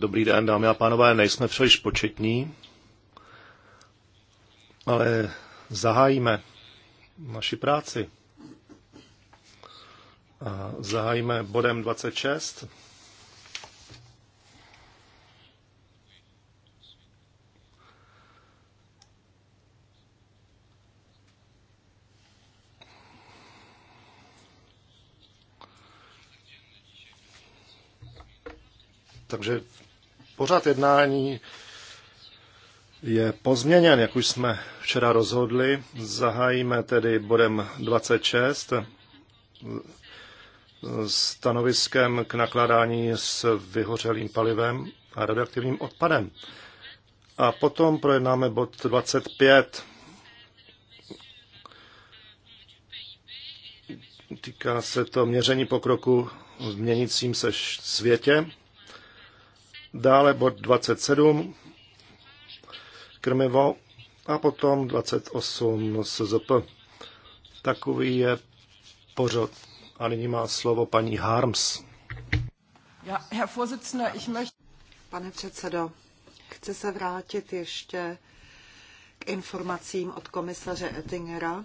Dobrý den, dámy a pánové, nejsme příliš početní, ale zahájíme naši práci. A zahájíme bodem 26. pořad jednání je pozměněn, jak už jsme včera rozhodli. Zahájíme tedy bodem 26 stanoviskem k nakládání s vyhořelým palivem a radioaktivním odpadem. A potom projednáme bod 25. Týká se to měření pokroku v měnícím se světě. Dále bod 27, krmivo a potom 28 SZP. Takový je pořad. A nyní má slovo paní Harms. Ja, Herr Vorsitzende, ich möchte... Pane předsedo, chci se vrátit ještě k informacím od komisaře Ettingera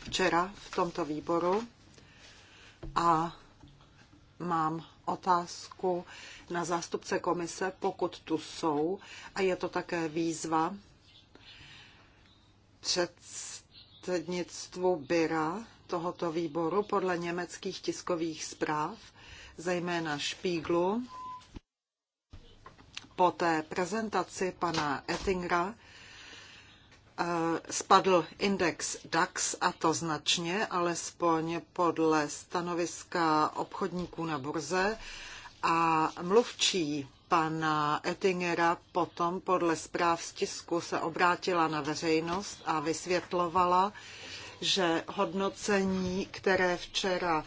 včera v tomto výboru a mám otázku na zástupce komise, pokud tu jsou, a je to také výzva předsednictvu Byra tohoto výboru podle německých tiskových zpráv, zejména Špíglu, po té prezentaci pana Ettingera Eh, spadl index DAX a to značně, alespoň podle stanoviska obchodníků na burze a mluvčí pana Ettingera potom podle zpráv z tisku se obrátila na veřejnost a vysvětlovala, že hodnocení, které včera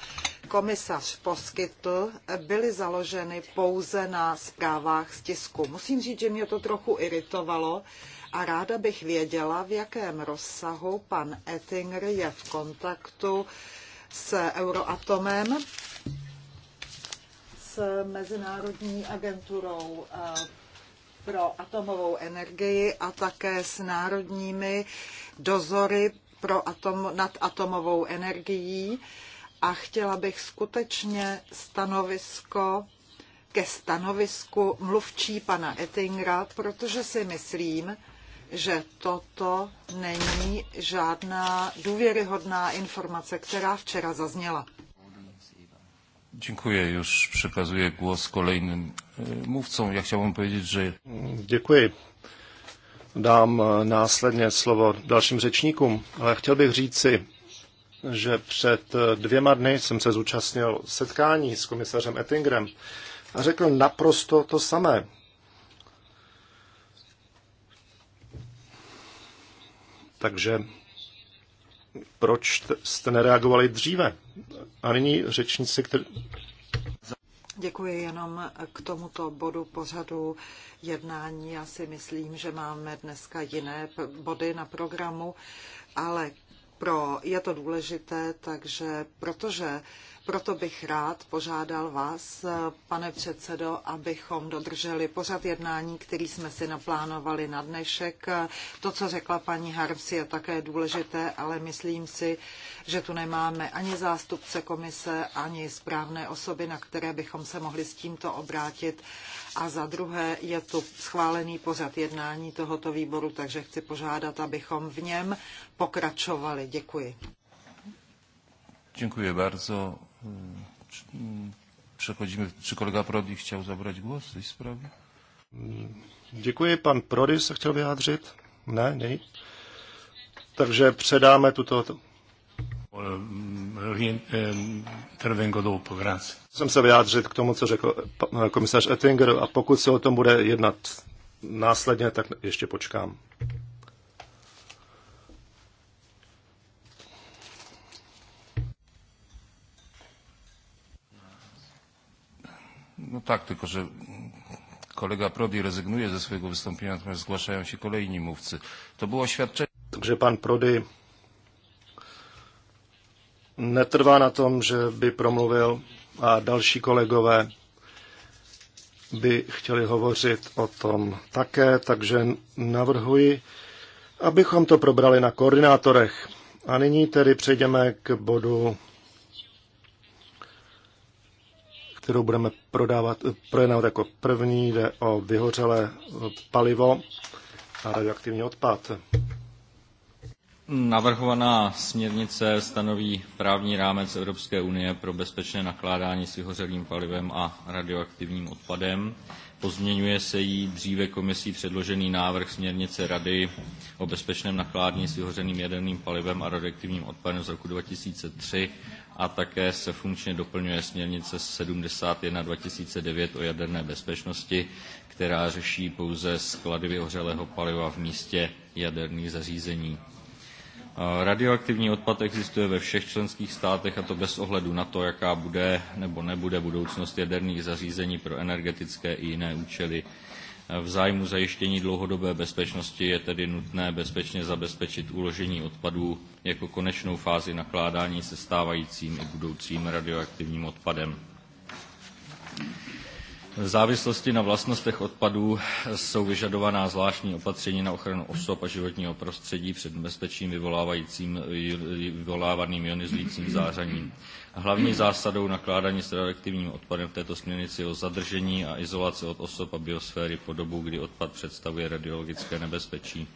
komisař poskytl, byly založeny pouze na zprávách z tisku. Musím říct, že mě to trochu iritovalo, a ráda bych věděla, v jakém rozsahu pan Ettinger je v kontaktu s Euroatomem, s Mezinárodní agenturou eh, pro atomovou energii a také s národními dozory pro atom, nad atomovou energií a chtěla bych skutečně stanovisko ke stanovisku mluvčí pana Ettingera, protože si myslím, že toto není žádná důvěryhodná informace, která včera zazněla. Dziękuję. Już przekazuję głos kolejnym e, mówcom. Ja chciałbym powiedzieć, że... Děkuji. Dám e, následně slovo dalším řečníkům, ale chtěl bych říci, že před e, dvěma dny jsem se zúčastnil setkání s komisařem Ettingerem a řekl naprosto to samé. Takže proč jste nereagovali dříve? A nyní řečníci, který... Děkuji jenom k tomuto bodu pořadu jednání. Já si myslím, že máme dneska jiné body na programu, ale pro, je to důležité, takže protože proto bych rád požádal vás, pane předsedo, abychom dodrželi pořad jednání, který jsme si naplánovali na dnešek. To, co řekla paní Harms, je také důležité, ale myslím si, že tu nemáme ani zástupce komise, ani správné osoby, na které bychom se mohli s tímto obrátit. A za druhé je tu schválený pořad jednání tohoto výboru, takže chci požádat, abychom v něm pokračovali. Děkuji. Dziękuję bardzo. Hmm. Hmm. Przechodzimy, czy kolega Prodi chciał zabrać głos w tej sprawie? Dziękuję. pan Prodi se chtěl vyjádřit. Ne, nej. Takže předáme tuto... Tervengo eh, eh, dopo, grazie. Jsem se vyjádřit k tomu, co řekl komisař Ettinger a pokud se o tom bude jednat následně, tak ještě počkám. No tak, tylko że kolega Prodi rezygnuje ze swojego wystąpienia, natomiast zgłaszają się kolejni mówcy. To było oświadczenie. Takže pan Prody netrvá na tom, že by promluvil a další kolegové by chtěli hovořit o tom také, takže navrhuji, abychom to probrali na koordinátorech. A nyní tedy přejdeme k bodu kterou budeme prodávat, eh, projednávat jako první, jde o vyhořelé eh, palivo a radioaktivní odpad. Navrhovaná směrnice stanoví právní rámec Evropské unie pro bezpečné nakládání s vyhořelým palivem a radioaktivním odpadem. Pozměňuje se jí dříve komisí předložený návrh směrnice Rady o bezpečném nakládání s vyhořeným jaderným palivem a radioaktivním odpadem z roku 2003 a také se funkčně doplňuje směrnice 71 2009 o jaderné bezpečnosti, která řeší pouze sklady vyhořelého paliva v místě jaderných zařízení. Radioaktivní odpad existuje ve všech členských státech a to bez ohledu na to, jaká bude nebo nebude budoucnost jaderných zařízení pro energetické i jiné účely. V zájmu zajištění dlouhodobé bezpečnosti je tedy nutné bezpečně zabezpečit uložení odpadů jako konečnou fázi nakládání se stávajícím i budoucím radioaktivním odpadem. V závislosti na vlastnostech odpadů jsou vyžadovaná zvláštní opatření na ochranu osob a životního prostředí před nebezpečím vyvolávaným ionizujícím zářením. Hlavní zásadou nakládání s radioaktivním odpadem v této směrnici je o zadržení a izolaci od osob a biosféry po dobu, kdy odpad představuje radiologické nebezpečí.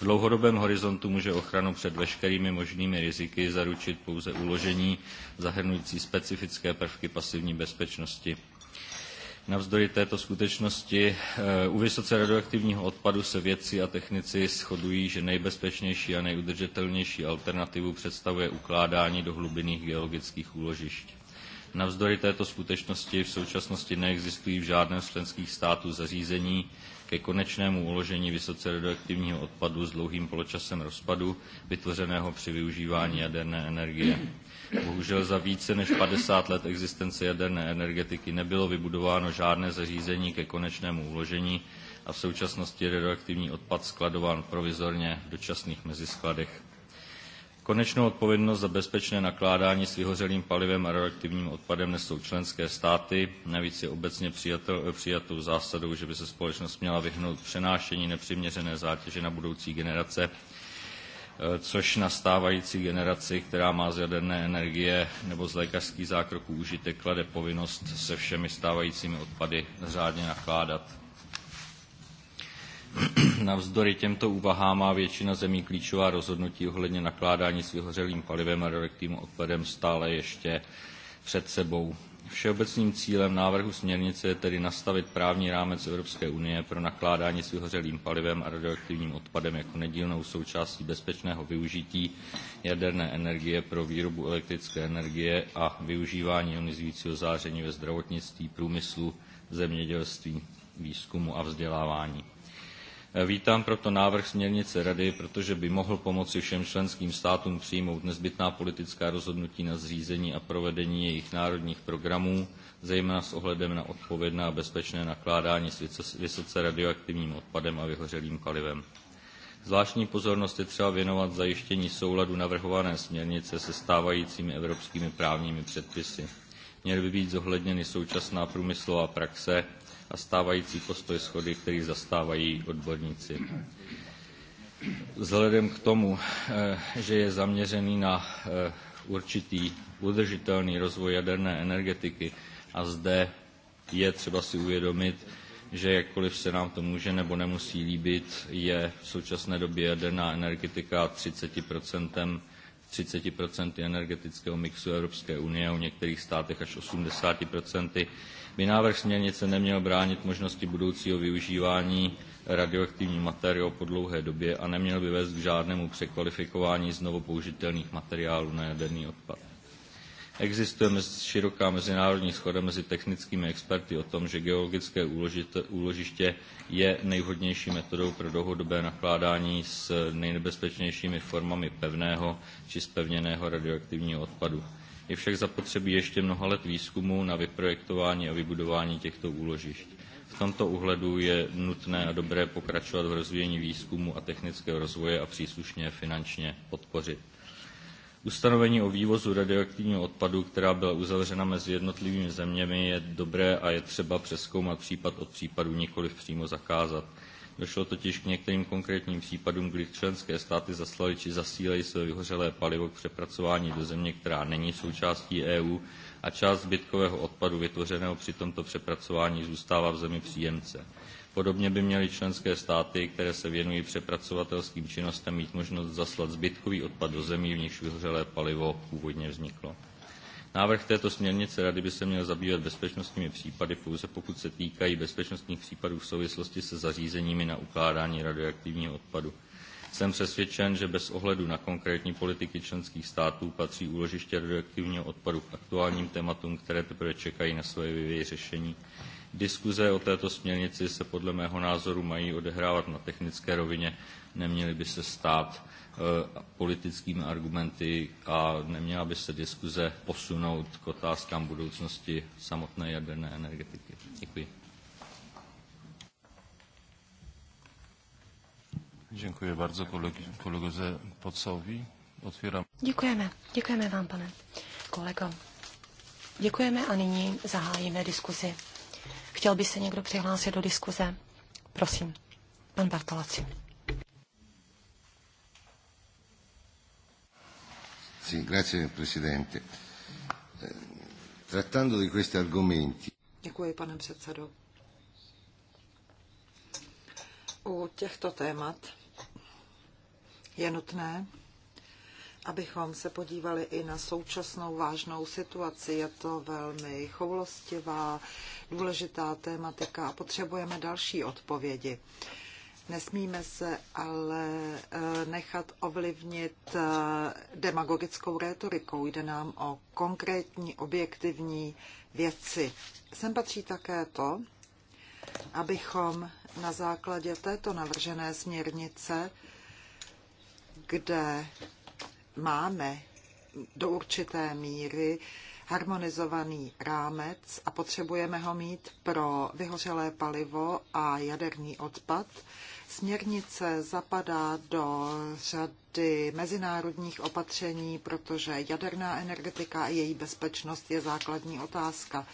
V dlouhodobém horizontu může ochranu před veškerými možnými riziky zaručit pouze uložení zahrnující specifické prvky pasivní bezpečnosti. Navzdory této skutečnosti eh, u vysoce radioaktivního odpadu se vědci a technici shodují, že nejbezpečnější a nejudržitelnější alternativu představuje ukládání do hlubinných geologických úložišť. Navzdory této skutečnosti v současnosti neexistují v žádném z členských států zařízení ke konečnému uložení vysoce radioaktivního odpadu s dlouhým poločasem rozpadu, vytvořeného při využívání jaderné energie. Bohužel za více než 50 let existence jaderné energetiky nebylo vybudováno žádné zařízení ke konečnému uložení a v současnosti je radioaktivní odpad skladován provizorně v dočasných meziskladech. Konečnou odpovědnost za bezpečné nakládání s vyhořelým palivem a radioaktivním odpadem nesou členské státy. Navíc je obecně přijatou zásadou, že by se společnost měla vyhnout přenášení nepřiměřené zátěže na budoucí generace Eh, což na stávající generaci, která má z jaderné energie nebo z lékařských zákroků užitek, klade povinnost se všemi stávajícími odpady řádně nakládat. Navzdory těmto úvahám má většina zemí klíčová rozhodnutí ohledně nakládání s vyhořelým palivem a radioaktivním odpadem stále ještě před sebou. Všeobecným cílem návrhu směrnice je tedy nastavit právní rámec Evropské unie pro nakládání s vyhořelým palivem a radioaktivním odpadem jako nedílnou součástí bezpečného využití jaderné energie pro výrobu elektrické energie a využívání ionizujícího záření ve zdravotnictví, průmyslu, zemědělství, výzkumu a vzdělávání. Vítám proto návrh směrnice Rady, protože by mohl pomoci všem členským státům přijmout nezbytná politická rozhodnutí na zřízení a provedení jejich národních programů, zejména s ohledem na odpovědné a bezpečné nakládání s vysoce radioaktivním odpadem a vyhořelým palivem. Zvláštní pozornost je třeba věnovat zajištění souladu navrhované směrnice se stávajícími evropskými právními předpisy. Měly by být zohledněny současná průmyslová praxe, a stávající postoj schody, který zastávají odborníci. Vzhledem k tomu, eh, že je zaměřený na eh, určitý udržitelný rozvoj jaderné energetiky a zde je třeba si uvědomit, že jakkoliv se nám to může nebo nemusí líbit, je v současné době jaderná energetika 30%, 30 energetického mixu Evropské unie, u některých státech až 80% by návrh směrnice neměl bránit možnosti budoucího využívání radioaktivních materiál po dlouhé době a neměl by vést k žádnému překvalifikování znovu použitelných materiálů na jaderný odpad. Existuje široká mezinárodní schoda mezi technickými experty o tom, že geologické úložiště je nejvhodnější metodou pro dlouhodobé nakládání s nejnebezpečnějšími formami pevného či spevněného radioaktivního odpadu. Je však zapotřebí ještě mnoha let výzkumu na vyprojektování a vybudování těchto úložišť. V tomto uhledu je nutné a dobré pokračovat v rozvíjení výzkumu a technického rozvoje a příslušně finančně podpořit. Ustanovení o vývozu radioaktivního odpadu, která byla uzavřena mezi jednotlivými zeměmi, je dobré a je třeba přeskoumat případ od případu, nikoli přímo zakázat. Došlo totiž k některým konkrétním případům, kdy členské státy zaslali či zasílají své vyhořelé palivo k přepracování do země, která není součástí EU a část zbytkového odpadu vytvořeného při tomto přepracování zůstává v zemi příjemce. Podobně by měly členské státy, které se věnují přepracovatelským činnostem, mít možnost zaslat zbytkový odpad do zemí, v nichž vyhořelé palivo původně vzniklo. Návrh této směrnice Rady by se měl zabývat bezpečnostními případy pouze pokud se týkají bezpečnostních případů v souvislosti se zařízeními na ukládání radioaktivního odpadu. Jsem přesvědčen, že bez ohledu na konkrétní politiky členských států patří úložiště radioaktivního odpadu k aktuálním tématům, které teprve čekají na svoje vyřešení. Diskuze o této směrnici se podle mého názoru mají odehrávat na technické rovině, neměly by se stát Eh, politickými argumenty a neměla by se diskuze posunout k otázkám budoucnosti samotné jaderné energetiky. Děkuji. Děkuji bardzo kolegoze Pocovi. Otvíram. Děkujeme. Děkujeme vám, pane kolego. Děkujeme a nyní zahájíme diskuzi. Chtěl by se někdo přihlásit do diskuze? Prosím, pan Bartolaci. Sì, grazie Presidente. Eh, trattando di questi argomenti. Děkuji, pane předsedo. U těchto témat je nutné, abychom se podívali i na současnou vážnou situaci. Je to velmi choulostivá, důležitá tématika a potřebujeme další odpovědi. Uh, Nesmíme se ale eh, nechat ovlivnit eh, demagogickou rétorikou. Jde nám o konkrétní, objektivní věci. Sem patří také to, abychom na základě této navržené směrnice, kde máme do určité míry harmonizovaný rámec a potřebujeme ho mít pro vyhořelé palivo a jaderný odpad, Směrnice zapadá do řady mezinárodních opatření, protože jaderná energetika a její bezpečnost je základní otázka.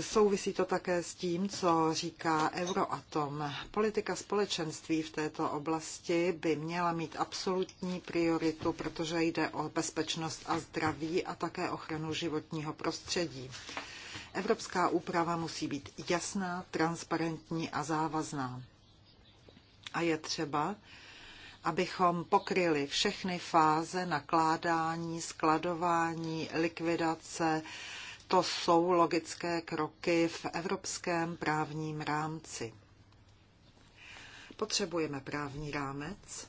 Souvisí to také s tím, co říká Euroatom. Politika společenství v této oblasti by měla mít absolutní prioritu, protože jde o bezpečnost a zdraví a také ochranu životního prostředí. Evropská úprava musí být jasná, transparentní a závazná. A je třeba, abychom pokryli všechny fáze nakládání, skladování, likvidace. To jsou logické kroky v evropském právním rámci. Potřebujeme právní rámec,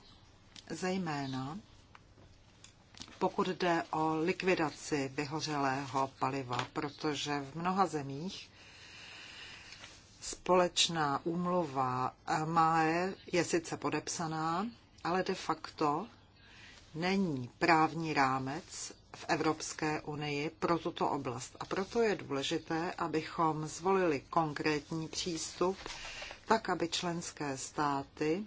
zejména pokud jde o likvidaci vyhořelého paliva, protože v mnoha zemích společná úmluva MAE je sice podepsaná, ale de facto není právní rámec v Evropské unii pro tuto oblast. A proto je důležité, abychom zvolili konkrétní přístup, tak aby členské státy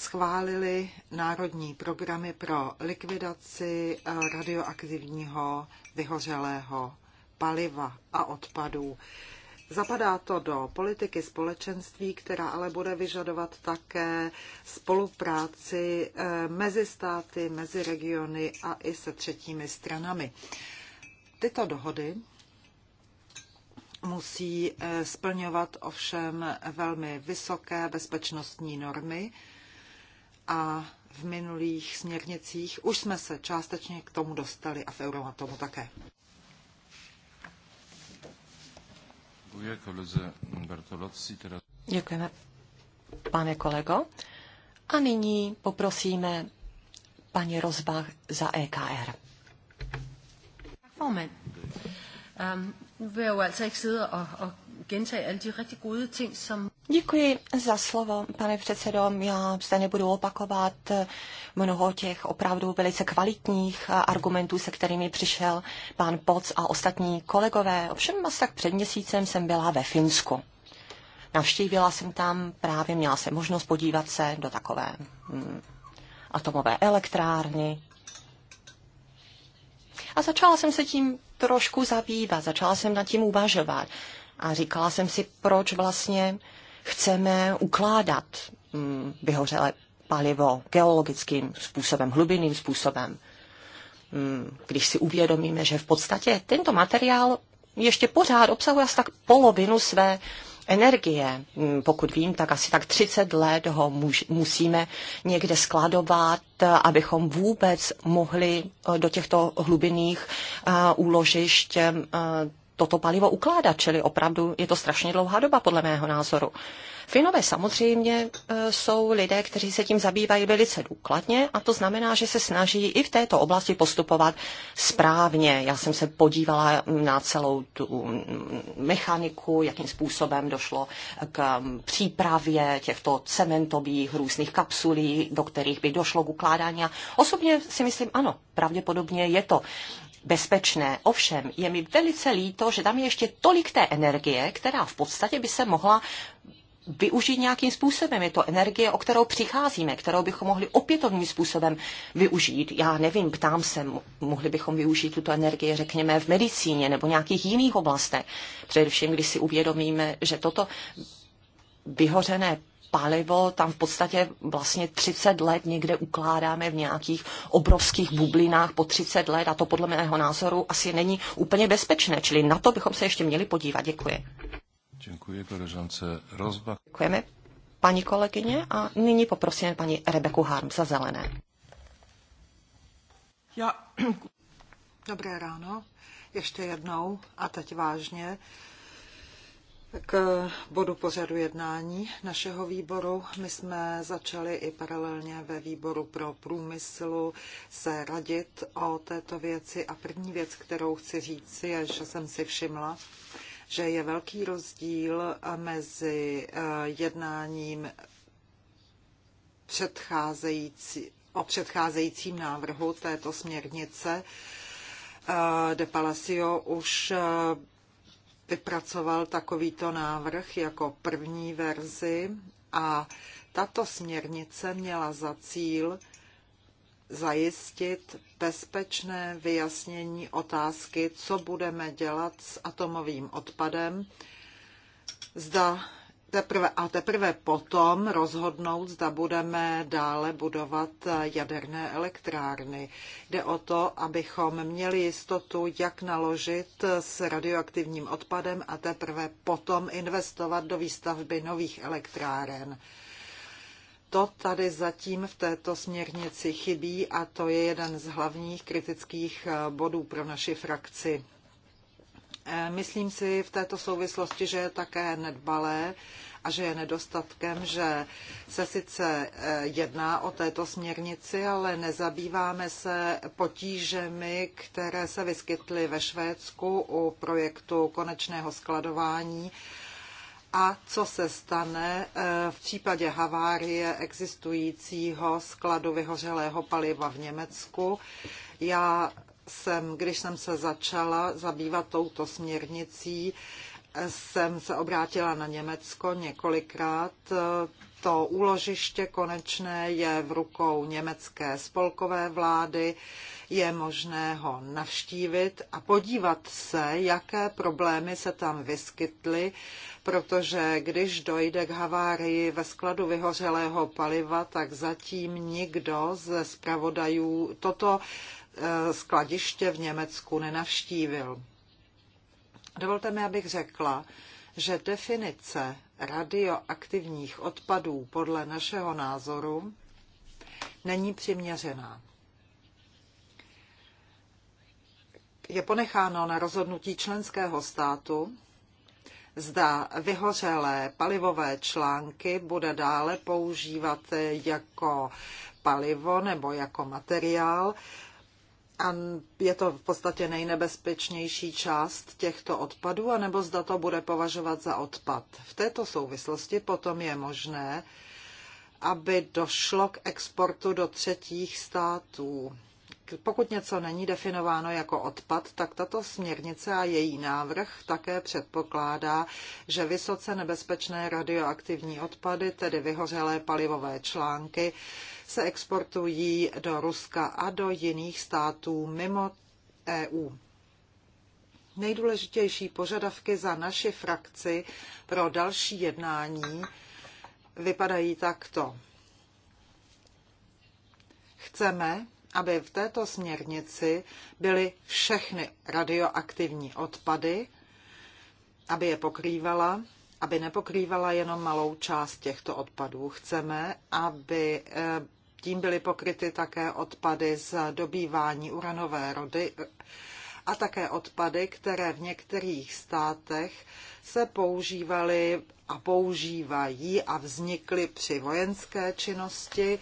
schválili národní programy pro likvidaci eh, radioaktivního vyhořelého paliva a odpadů. Zapadá to do politiky společenství, která ale bude vyžadovat také spolupráci eh, mezi státy, mezi regiony a i se třetími stranami. Tyto dohody musí eh, splňovat ovšem velmi vysoké bezpečnostní normy, a v minulých směrnicích už jsme se částečně k tomu dostali a v Euromatomu také. Děkujeme, pane kolego. A nyní poprosíme paní Rozbach za EKR. Formand. Um, vil jo altså ikke sidde og, og gentage alle de rigtig gode ting, som Děkuji za slovo, pane předsedo. Já se nebudu opakovat mnoho těch opravdu velice kvalitních argumentů, se kterými přišel pan Poc a ostatní kolegové. Ovšem asi tak před měsícem jsem byla ve Finsku. Navštívila jsem tam, právě měla jsem možnost podívat se do takové hmm, atomové elektrárny. A začala jsem se tím trošku zabývat, začala jsem nad tím uvažovat. A říkala jsem si, proč vlastně chceme ukládat mm, vyhořelé palivo geologickým způsobem, hlubinným způsobem. Mm, když si uvědomíme, že v podstatě tento materiál ještě pořád obsahuje asi tak polovinu své energie. Mm, pokud vím, tak asi tak 30 let ho muž, musíme někde skladovat, abychom vůbec mohli eh, do těchto hlubinných eh, úložišť eh, toto palivo ukládat, čili opravdu je to strašně dlouhá doba, podle mého názoru. Finové samozřejmě e, jsou lidé, kteří se tím zabývají velice důkladně a to znamená, že se snaží i v této oblasti postupovat správně. Já jsem se podívala na celou tu mm, mechaniku, jakým způsobem došlo k mm, přípravě těchto cementových různých kapsulí, do kterých by došlo k ukládání. A osobně si myslím, ano, pravděpodobně je to bezpečné. Ovšem, je mi velice líto, že tam je ještě tolik té energie, která v podstatě by se mohla využít nějakým způsobem. Je to energie, o kterou přicházíme, kterou bychom mohli opětovným způsobem využít. Já nevím, ptám se, mohli bychom využít tuto energii, řekněme, v medicíně nebo nějakých jiných oblastech. Především, když si uvědomíme, že toto vyhořené palivo, tam v podstatě vlastně 30 let někde ukládáme v nějakých obrovských bublinách po 30 let a to podle mého názoru asi není úplně bezpečné, čili na to bychom se ještě měli podívat. Děkuji. Děkuji koležance Rozbach. Děkujeme paní kolegyně a nyní poprosíme paní Rebeku Harm za zelené. Já... Dobré ráno, ještě jednou a teď vážně. K bodu pořadu jednání našeho výboru. My jsme začali i paralelně ve výboru pro průmyslu se radit o této věci a první věc, kterou chci říct, je, že jsem si všimla, že je velký rozdíl mezi eh, jednáním předcházející, o předcházejícím návrhu této směrnice eh, de Palacio už eh, vypracoval takovýto návrh jako první verzi a tato směrnice měla za cíl zajistit bezpečné vyjasnění otázky, co budeme dělat s atomovým odpadem, zda teprve, a teprve potom rozhodnout, zda budeme dále budovat jaderné elektrárny. Jde o to, abychom měli jistotu, jak naložit s radioaktivním odpadem a teprve potom investovat do výstavby nových elektráren. To tady zatím v této směrnici chybí a to je jeden z hlavních kritických bodů pro naši frakci. Eh, myslím si v této souvislosti, že je také nedbalé a že je nedostatkem, že se sice eh, jedná o této směrnici, ale nezabýváme se potížemi, které se vyskytly ve Švédsku u projektu konečného skladování a co se stane eh, v případě havárie existujícího skladu vyhořelého paliva v Německu. Já jsem, když jsem se začala zabývat touto směrnicí, jsem se obrátila na Německo několikrát. To úložiště konečné je v rukou německé spolkové vlády. Je možné ho navštívit a podívat se, jaké problémy se tam vyskytly, protože když dojde k havárii ve skladu vyhořelého paliva, tak zatím nikdo ze zpravodajů toto Eh, skladiště v Německu nenavštívil. Dovolte mi, abych řekla, že definice radioaktivních odpadů podle našeho názoru není přiměřená. Je ponecháno na rozhodnutí členského státu, zda vyhořelé palivové články bude dále používat jako palivo nebo jako materiál a je to v podstatě nejnebezpečnější část těchto odpadů, anebo zda to bude považovat za odpad. V této souvislosti potom je možné, aby došlo k exportu do třetích států. Pokud něco není definováno jako odpad, tak tato směrnice a její návrh také předpokládá, že vysoce nebezpečné radioaktivní odpady, tedy vyhořelé palivové články, se exportují do Ruska a do jiných států mimo EU. Nejdůležitější požadavky za naši frakci pro další jednání vypadají takto. Chceme, aby v této směrnici byly všechny radioaktivní odpady, aby je pokrývala, aby nepokrývala jenom malou část těchto odpadů. Chceme, aby eh, tím byly pokryty také odpady z dobývání uranové rody a také odpady, které v některých státech se používaly a používají a vznikly při vojenské činnosti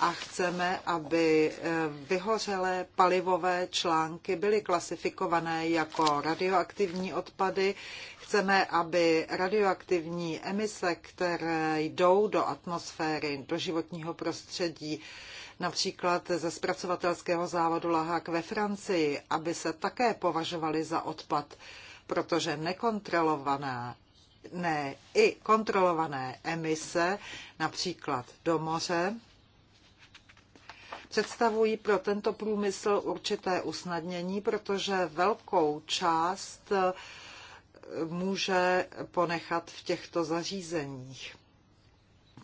a chceme, aby eh, vyhořelé palivové články byly klasifikované jako radioaktivní odpady. Chceme, aby radioaktivní emise, které jdou do atmosféry, do životního prostředí, například ze zpracovatelského závodu Lahák ve Francii, aby se také považovaly za odpad, protože nekontrolovaná ne, i kontrolované emise, například do moře, představují pro tento průmysl určité usnadnění, protože velkou část eh, může ponechat v těchto zařízeních.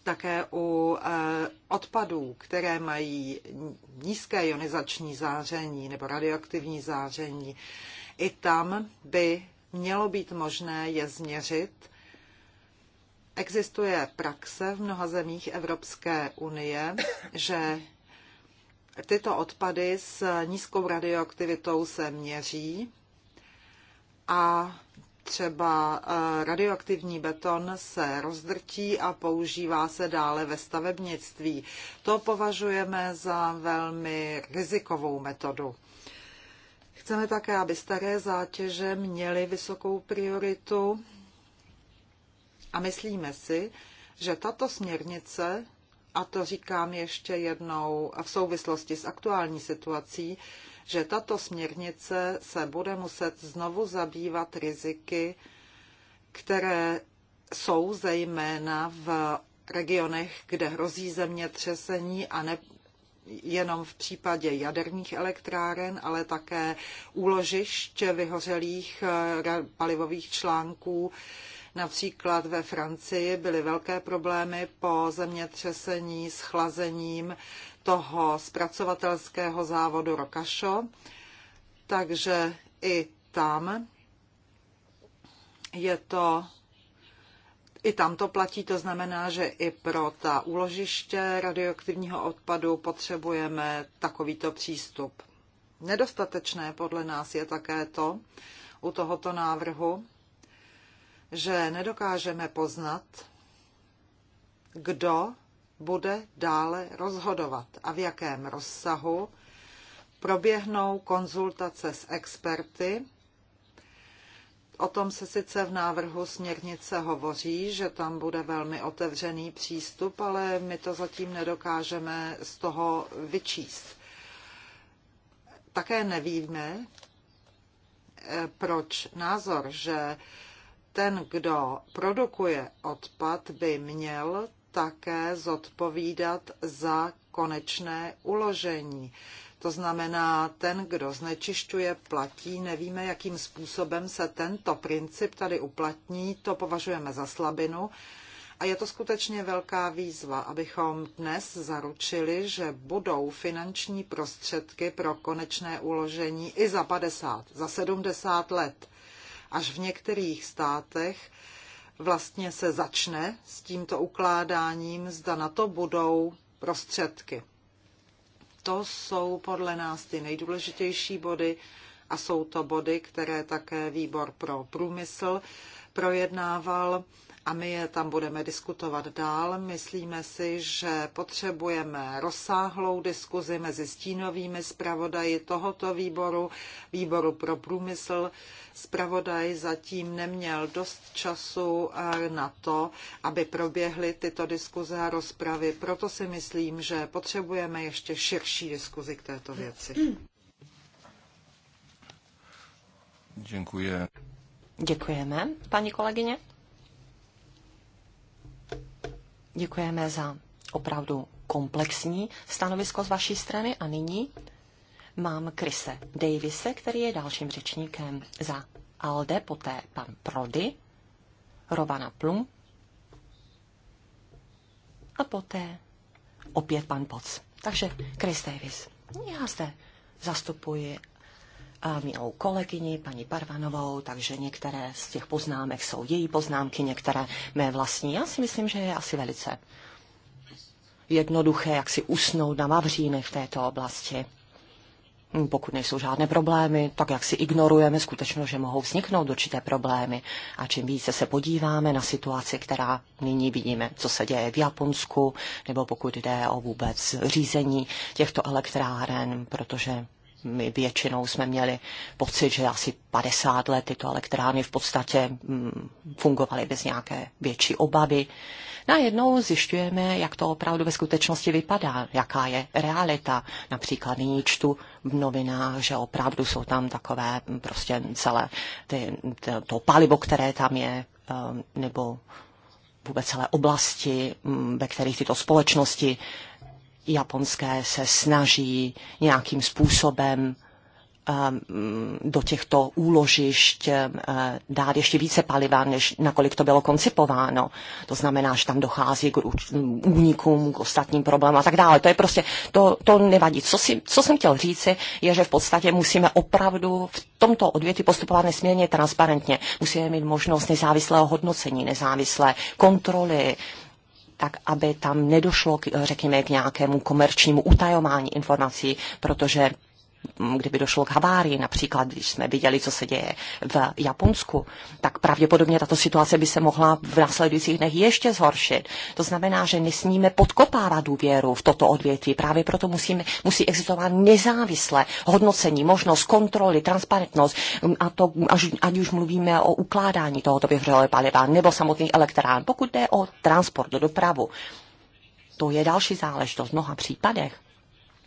Také u eh, odpadů, které mají nízké ionizační záření nebo radioaktivní záření, i tam by mělo být možné je změřit. Existuje praxe v mnoha zemích Evropské unie, že tyto odpady s nízkou radioaktivitou se měří a třeba eh, radioaktivní beton se rozdrtí a používá se dále ve stavebnictví. To považujeme za velmi rizikovou metodu. Chceme také, aby staré zátěže měly vysokou prioritu a myslíme si, že tato směrnice a to říkám ještě jednou v souvislosti s aktuální situací, že tato směrnice se bude muset znovu zabývat riziky, které jsou zejména v regionech, kde hrozí zemětřesení a ne jenom v případě jaderných elektráren, ale také úložišť vyhořelých eh, palivových článků, Například ve Francii byly velké problémy po zemětřesení s chlazením toho zpracovatelského závodu Rokašo, takže i tam je to i tam to platí, to znamená, že i pro ta úložiště radioaktivního odpadu potřebujeme takovýto přístup. Nedostatečné podle nás je také to u tohoto návrhu, že nedokážeme poznat, kdo bude dále rozhodovat a v jakém rozsahu proběhnou konzultace s experty. O tom se sice v návrhu směrnice hovoří, že tam bude velmi otevřený přístup, ale my to zatím nedokážeme z toho vyčíst. Také nevíme, eh, proč názor, že ten, kdo produkuje odpad, by měl také zodpovídat za konečné uložení. To znamená, ten, kdo znečišťuje, platí. Nevíme, jakým způsobem se tento princip tady uplatní, to považujeme za slabinu. A je to skutečně velká výzva, abychom dnes zaručili, že budou finanční prostředky pro konečné uložení i za 50, za 70 let až v některých státech vlastně se začne s tímto ukládáním, zda na to budou prostředky. To jsou podle nás ty nejdůležitější body a jsou to body, které také výbor pro průmysl projednával a my je tam budeme diskutovat dál. Myslíme si, že potřebujeme rozsáhlou diskuzi mezi stínovými zpravodaji tohoto výboru, výboru pro průmysl. Zpravodaj zatím neměl dost času eh, na to, aby proběhly tyto diskuze a rozpravy. Proto si myslím, že potřebujeme ještě širší diskuzi k této věci. Děkuji. Děkujeme, paní kolegyně. Děkujeme za opravdu komplexní stanovisko z vaší strany a nyní mám Krise Davise, který je dalším řečníkem za ALDE, poté pan Prody, Rovana Plum a poté opět pan Poc. Takže Chris Davis. Já zde zastupuji milou kolegyni, paní Parvanovou, takže některé z těch poznámek jsou její poznámky, některé mé vlastní. Já si myslím, že je asi velice jednoduché, jak si usnout na Mavříny v této oblasti. Pokud nejsou žádné problémy, tak jak si ignorujeme skutečnost, že mohou vzniknout určité problémy. A čím více se podíváme na situaci, která nyní vidíme, co se děje v Japonsku, nebo pokud jde o vůbec řízení těchto elektráren, protože my většinou jsme měli pocit, že asi 50 let tyto elektrárny v podstatě mm, fungovaly bez nějaké větší obavy. Najednou zjišťujeme, jak to opravdu ve skutečnosti vypadá, jaká je realita. Například nyní čtu v novinách, že opravdu jsou tam takové mm, prostě celé ty, to palivo, které tam je, um, nebo vůbec celé oblasti, mm, ve kterých tyto společnosti japonské se snaží nějakým způsobem ehm, do těchto úložišť ehm, eh, dát ještě více paliva, než nakolik to bylo koncipováno. To znamená, že tam dochází k únikům, k ostatním problémům a tak dále. To je prostě, to, to nevadí. Co, si, co jsem chtěl říci, je, že v podstatě musíme opravdu v tomto odvětví postupovat nesmírně transparentně. Musíme mít možnost nezávislého hodnocení, nezávislé kontroly, tak aby tam nedošlo, k, řekněme, k nějakému komerčnímu utajování informací, protože kdyby došlo k havárii, například když jsme viděli, co se děje v Japonsku, tak pravděpodobně tato situace by se mohla v následujících dnech ještě zhoršit. To znamená, že nesmíme podkopávat důvěru v toto odvětví. Právě proto musíme, musí existovat nezávislé hodnocení, možnost kontroly, transparentnost, a to až, ať už mluvíme o ukládání tohoto vyhořelého paliva nebo samotných elektrán. Pokud jde o transport, do dopravu, to je další záležitost v mnoha případech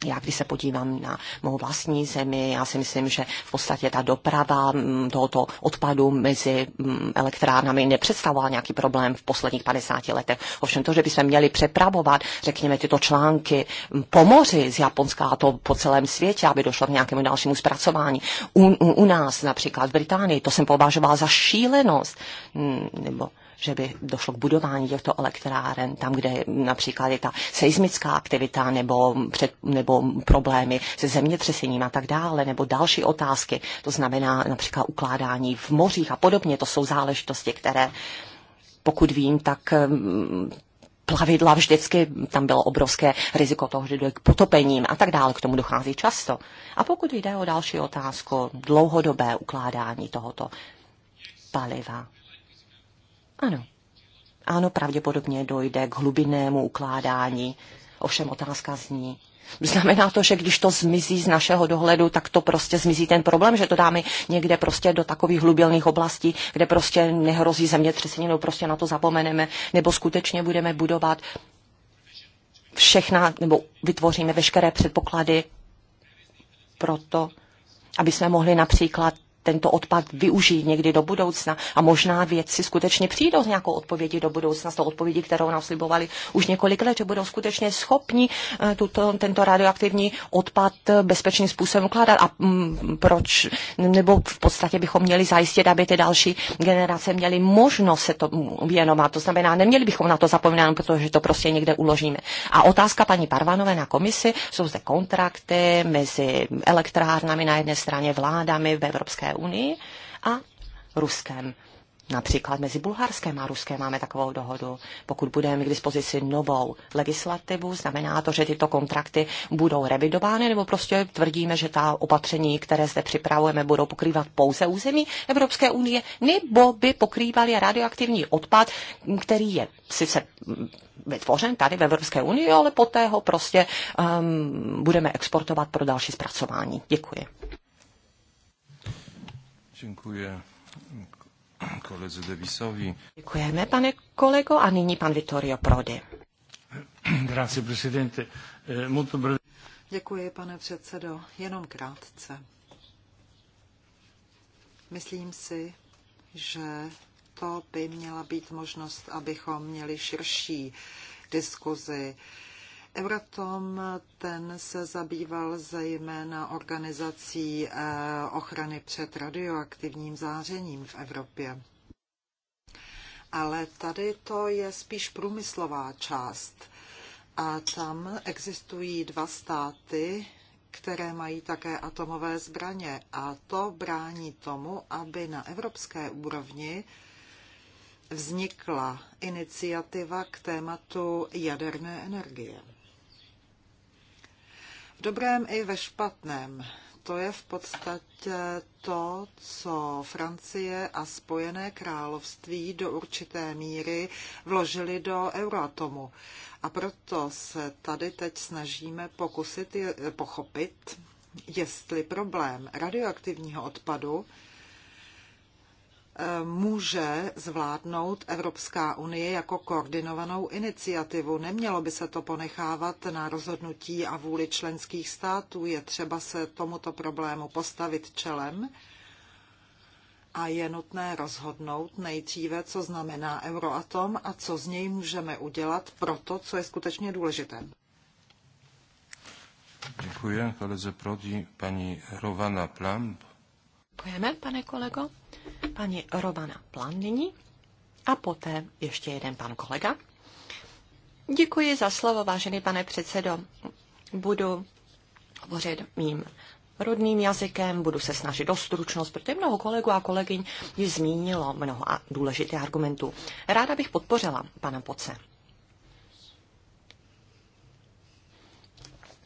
já když se podívám na mou vlastní zemi, já si myslím, že v podstatě ta doprava mm, tohoto odpadu mezi mm, elektrárnami nepředstavovala nějaký problém v posledních 50 letech. Ovšem to, že bychom měli přepravovat, řekněme, tyto články mm, po moři z Japonska a to po celém světě, aby došlo k nějakému dalšímu zpracování. U, u, u nás například v Británii, to jsem považovala za šílenost. Nebo že by došlo k budování těchto elektráren, tam, kde například je ta seismická aktivita nebo, před, nebo problémy se zemětřesením a tak dále, nebo další otázky, to znamená například ukládání v mořích a podobně, to jsou záležitosti, které pokud vím, tak mm, plavidla vždycky, tam bylo obrovské riziko toho, že dojde k potopením a tak dále, k tomu dochází často. A pokud jde o další otázku, dlouhodobé ukládání tohoto paliva. Ano. Ano, pravděpodobně dojde k hlubinnému ukládání. Ovšem otázka zní, Znamená to, že když to zmizí z našeho dohledu, tak to prostě zmizí ten problém, že to dáme někde prostě do takových hlubilných oblastí, kde prostě nehrozí zemětřesení, nebo prostě na to zapomeneme, nebo skutečně budeme budovat všechna, nebo vytvoříme veškeré předpoklady pro to, aby jsme mohli například tento odpad využít někdy do budoucna a možná vědci skutečně přijdou s nějakou odpovědí do budoucna, s tou odpovědí, kterou nám slibovali už několik let, že budou skutečně schopni eh, tuto, tento radioaktivní odpad eh, bezpečným způsobem ukládat a m, mm, proč, nebo v podstatě bychom měli zajistit, aby ty další generace měly možnost se to věnovat. To znamená, neměli bychom na to zapomínat, protože to prostě někde uložíme. A otázka paní Parvanové na komisi, jsou zde kontrakty mezi elektrárnami na jedné straně, vládami v Evropské unii a Ruskem. Například mezi Bulharském a Ruskem máme takovou dohodu. Pokud budeme k dispozici novou legislativu, znamená to, že tyto kontrakty budou revidovány, nebo prostě tvrdíme, že ta opatření, které zde připravujeme, budou pokrývat pouze území Evropské unie, nebo by pokrývali radioaktivní odpad, který je sice vytvořen tady v Evropské unii, ale poté ho prostě um, budeme exportovat pro další zpracování. Děkuji. Děkuji kolegu Davisovi. Děkujeme, pane kolego, a nyní pan Vittorio Prodi. Grazie, presidente. Eh, molto breve. Děkuji, pane předsedo. Jenom krátce. Myslím si, že to by měla být možnost, abychom měli širší diskuzi. Euratom ten se zabýval zejména organizací eh, ochrany před radioaktivním zářením v Evropě. Ale tady to je spíš průmyslová část. A tam existují dva státy, které mají také atomové zbraně. A to brání tomu, aby na evropské úrovni vznikla iniciativa k tématu jaderné energie v dobrém i ve špatném. To je v podstatě to, co Francie a Spojené království do určité míry vložili do Euroatomu. A proto se tady teď snažíme pokusit pochopit, jestli problém radioaktivního odpadu může zvládnout Evropská unie jako koordinovanou iniciativu. Nemělo by se to ponechávat na rozhodnutí a vůli členských států. Je třeba se tomuto problému postavit čelem a je nutné rozhodnout nejdříve, co znamená Euroatom a co z něj můžeme udělat pro to, co je skutečně důležité. Děkuji koledze Prodi, paní Rovana Plamp. Děkujeme, pane kolego. Pani Robana Plandini a poté ještě jeden pan kolega. Děkuji za slovo, vážený pane předsedo. Budu hovořit mým rodným jazykem, budu se snažit o stručnost, protože mnoho kolegů a kolegyň již zmínilo mnoho a důležitých argumentů. Ráda bych podpořila pana Poce.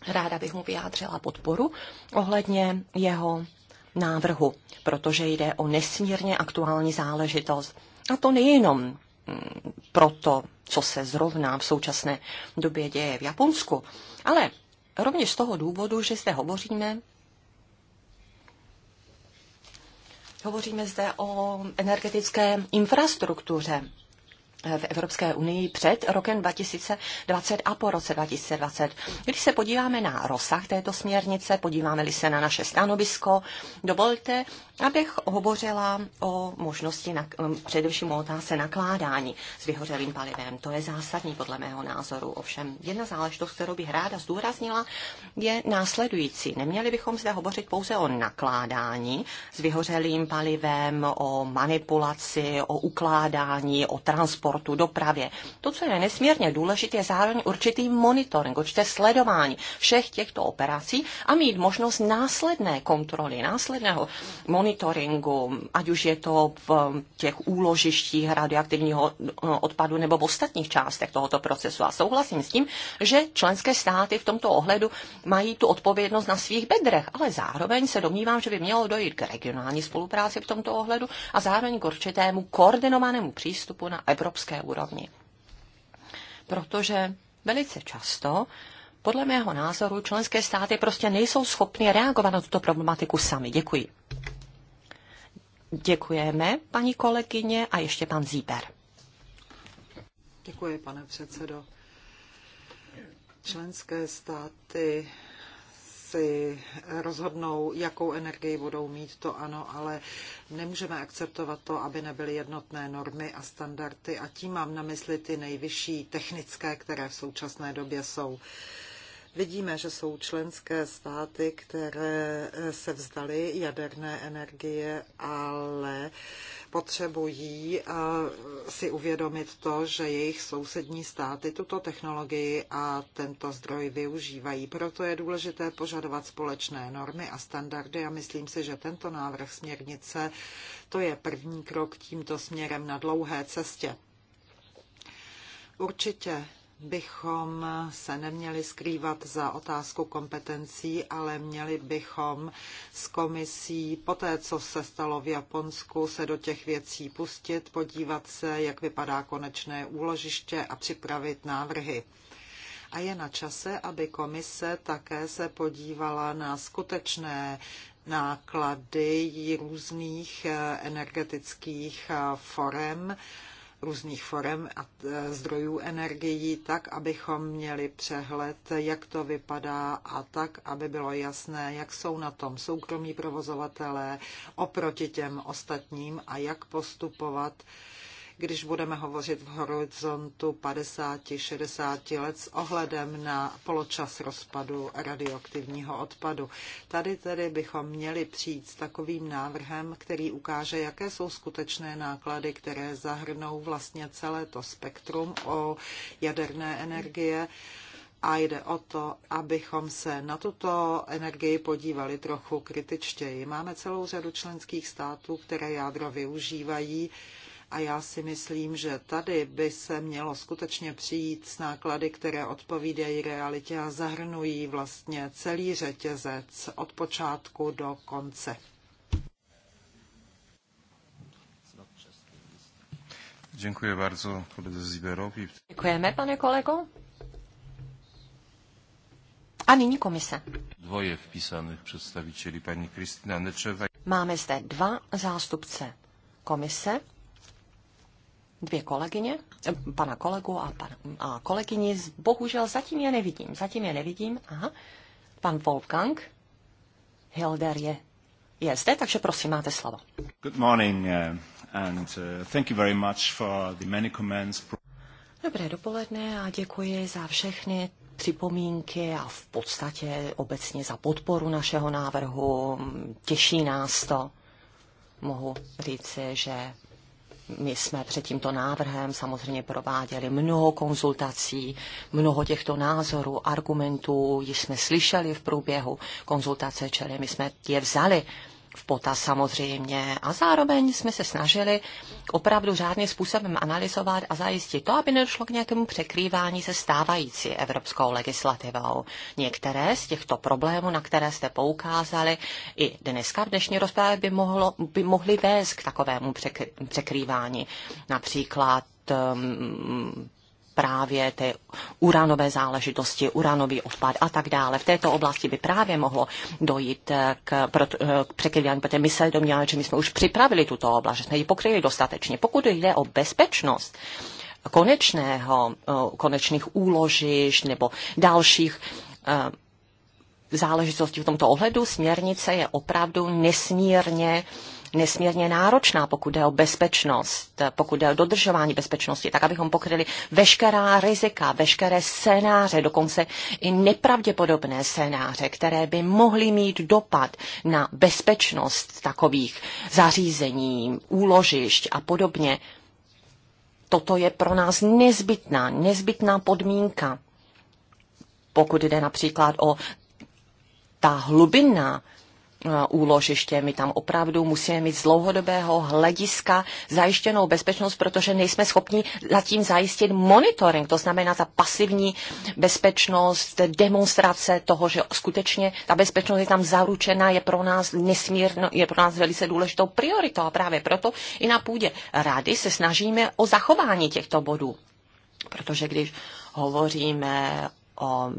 Ráda bych mu vyjádřila podporu ohledně jeho návrhu, protože jde o nesmírně aktuální záležitost. A to nejenom mm, proto, co se zrovna v současné době děje v Japonsku, ale rovněž z toho důvodu, že zde hovoříme Hovoříme zde o energetické infrastruktuře v Evropské unii před rokem 2020 a po roce 2020. Když se podíváme na rozsah této směrnice, podíváme-li se na naše stanovisko, dovolte, abych hovořila o možnosti, na, především o otázce nakládání s vyhořelým palivem. To je zásadní podle mého názoru. Ovšem, jedna záležitost, kterou bych ráda zdůraznila, je následující. Neměli bychom zde hovořit pouze o nakládání s vyhořelým palivem, o manipulaci, o ukládání, o transportu transportu, dopravě. To, co je nesmírně důležité, je zároveň určitý monitoring, určité sledování všech těchto operací a mít možnost následné kontroly, následného monitoringu, ať už je to v těch úložištích radioaktivního no, odpadu nebo v ostatních částech tohoto procesu. A souhlasím s tím, že členské státy v tomto ohledu mají tu odpovědnost na svých bedrech, ale zároveň se domnívám, že by mělo dojít k regionální spolupráci v tomto ohledu a zároveň k určitému koordinovanému přístupu na evropské evropské úrovni. Protože velice často podle mého názoru členské státy prostě nejsou schopny reagovat na tuto problematiku sami. Děkuji. Děkujeme, paní kolegyně, a ještě pan Zíber. Děkuji, pane předsedo. Členské státy si rozhodnou, jakou energii budou mít, to ano, ale nemůžeme akceptovat to, aby nebyly jednotné normy a standardy a tím mám na mysli ty nejvyšší technické, které v současné době jsou. Vidíme, že jsou členské státy, které se vzdaly jaderné energie, ale potřebují eh, si uvědomit to, že jejich sousední státy tuto technologii a tento zdroj využívají. Proto je důležité požadovat společné normy a standardy a myslím si, že tento návrh směrnice to je první krok tímto směrem na dlouhé cestě. Určitě bychom se neměli skrývat za otázku kompetencí, ale měli bychom s komisí, po té, co se stalo v Japonsku, se do těch věcí pustit, podívat se, jak vypadá konečné úložiště a připravit návrhy. A je na čase, aby komise také se podívala na skutečné náklady různých energetických forem, různých forem a e, zdrojů energií, tak abychom měli přehled, jak to vypadá a tak, aby bylo jasné, jak jsou na tom soukromí provozovatelé oproti těm ostatním a jak postupovat když budeme hovořit v horizontu 50-60 let s ohledem na poločas rozpadu radioaktivního odpadu. Tady tedy bychom měli přijít s takovým návrhem, který ukáže, jaké jsou skutečné náklady, které zahrnou vlastně celé to spektrum o jaderné energie a jde o to, abychom se na tuto energii podívali trochu kritičtěji. Máme celou řadu členských států, které jádro využívají a já si myslím, že tady by se mělo skutečně přijít s náklady, které odpovídají realitě a zahrnují vlastně celý řetězec od počátku do konce. Děkuji bardzo koledze Ziberovi. Děkujeme, pane kolego. A nyní komise. Dvoje vpísaných představitelů paní Kristina Nečeva. Máme zde dva zástupce komise dvě kolegyně, eh, pana kolegu a, pan, a kolegyni. Bohužel zatím je nevidím. Zatím je nevidím. Aha. Pan Wolfgang Hilder je, je zde, takže prosím, máte slovo. Good morning eh, and eh, thank you very much for the many comments. Dobré dopoledne a děkuji za všechny připomínky a v podstatě obecně za podporu našeho návrhu. Těší nás to. Mohu říci, že my jsme před tímto návrhem samozřejmě prováděli mnoho konzultací, mnoho těchto názorů, argumentů, již jsme slyšeli v průběhu konzultace, čili my jsme je vzali v potaz samozřejmě. A zároveň jsme se snažili opravdu řádným způsobem analyzovat a zajistit to, aby nedošlo k nějakému překrývání se stávající evropskou legislativou. Některé z těchto problémů, na které jste poukázali, i dneska v dnešní rozpravě by, mohlo, by mohly vést k takovému překrývání. Například um, právě ty uranové záležitosti, uranový odpad a tak dále. V této oblasti by právě mohlo dojít eh, k, eh, k překrývání, protože my se domníváme, že my jsme už připravili tuto oblast, že jsme ji pokryli dostatečně. Pokud jde o bezpečnost, konečného, eh, konečných úložiš nebo dalších záležitostí v tomto ohledu, směrnice je opravdu nesmírně uh, nesmírně náročná, pokud jde o bezpečnost, pokud jde o dodržování bezpečnosti, tak abychom pokryli veškerá rizika, veškeré scénáře, dokonce i nepravděpodobné scénáře, které by mohly mít dopad na bezpečnost takových zařízení, úložišť a podobně. Toto je pro nás nezbytná, nezbytná podmínka. Pokud jde například o ta hlubinná Eh, úložiště. My tam opravdu musíme mít z dlouhodobého hlediska zajištěnou bezpečnost, protože nejsme schopni zatím zajistit monitoring, to znamená ta pasivní bezpečnost, demonstrace toho, že skutečně ta bezpečnost je tam zaručena, je pro nás nesmírno, je pro nás velice důležitou prioritou a právě proto i na půdě rady se snažíme o zachování těchto bodů. Protože když hovoříme o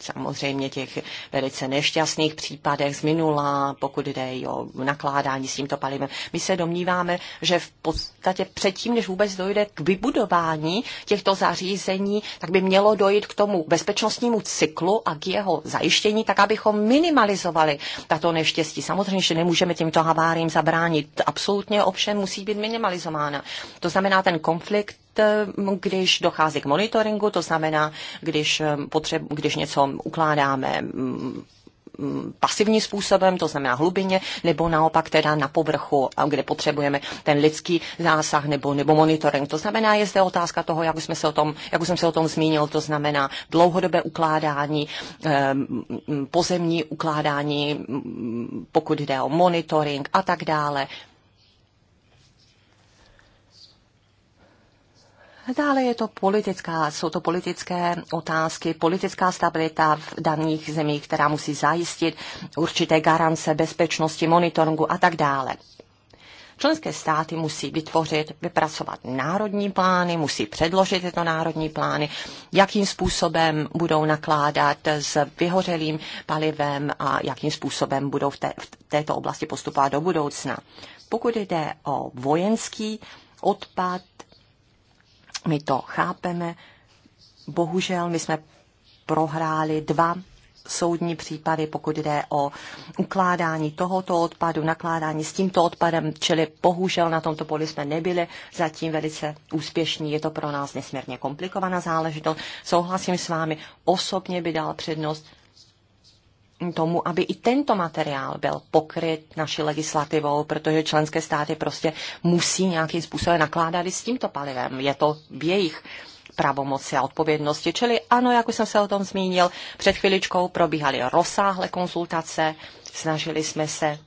samozřejmě těch velice nešťastných případech z minula, pokud jde i o nakládání s tímto palivem. My se domníváme, že v podstatě předtím, než vůbec dojde k vybudování těchto zařízení, tak by mělo dojít k tomu bezpečnostnímu cyklu a k jeho zajištění, tak abychom minimalizovali tato neštěstí. Samozřejmě, že nemůžeme těmto haváriím zabránit. Absolutně ovšem musí být minimalizována. To znamená, ten konflikt když dochází k monitoringu, to znamená, když, potřeb, když něco ukládáme pasivním způsobem, to znamená hlubině, nebo naopak teda na povrchu, kde potřebujeme ten lidský zásah nebo, nebo monitoring. To znamená, je zde otázka toho, jak, jsme se o tom, jak jsem se o tom zmínil, to znamená dlouhodobé ukládání, pozemní ukládání, pokud jde o monitoring a tak dále. Dále je to politická, jsou to politické otázky, politická stabilita v daných zemích, která musí zajistit určité garance bezpečnosti, monitoringu a tak dále. Členské státy musí vytvořit, vypracovat národní plány, musí předložit tyto národní plány, jakým způsobem budou nakládat s vyhořelým palivem a jakým způsobem budou v, té, v této oblasti postupovat do budoucna. Pokud jde o vojenský odpad, my to chápeme. Bohužel my jsme prohráli dva soudní případy, pokud jde o ukládání tohoto odpadu, nakládání s tímto odpadem, čili bohužel na tomto poli jsme nebyli zatím velice úspěšní. Je to pro nás nesmírně komplikovaná záležitost. Souhlasím s vámi, osobně by dal přednost tomu, aby i tento materiál byl pokryt naší legislativou, protože členské státy prostě musí nějakým způsobem nakládat i s tímto palivem. Je to v jejich pravomoci a odpovědnosti. Čili ano, jak už jsem se o tom zmínil, před chviličkou probíhaly rozsáhlé konzultace, snažili jsme se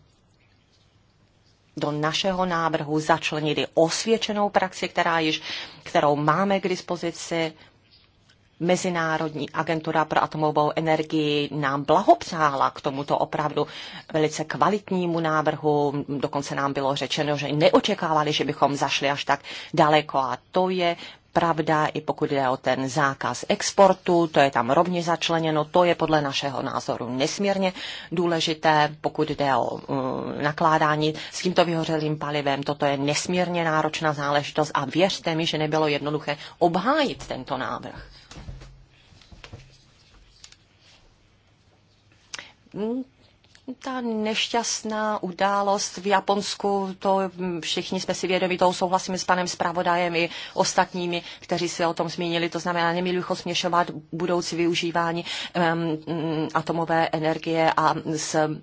do našeho návrhu začlenit i osvědčenou praxi, která již, kterou máme k dispozici Mezinárodní agentura pro atomovou energii nám blahopřála k tomuto opravdu velice kvalitnímu návrhu. Dokonce nám bylo řečeno, že neočekávali, že bychom zašli až tak daleko a to je pravda, i pokud jde o ten zákaz exportu, to je tam rovně začleněno, to je podle našeho názoru nesmírně důležité, pokud jde o mm, nakládání s tímto vyhořelým palivem, toto je nesmírně náročná záležitost a věřte mi, že nebylo jednoduché obhájit tento návrh. Mm, ta nešťastná událost v Japonsku, to všichni jsme si vědomi, toho souhlasíme s panem zpravodajem i ostatními, kteří se o tom zmínili. To znamená, neměli bychom směšovat budoucí využívání um, atomové energie a s um,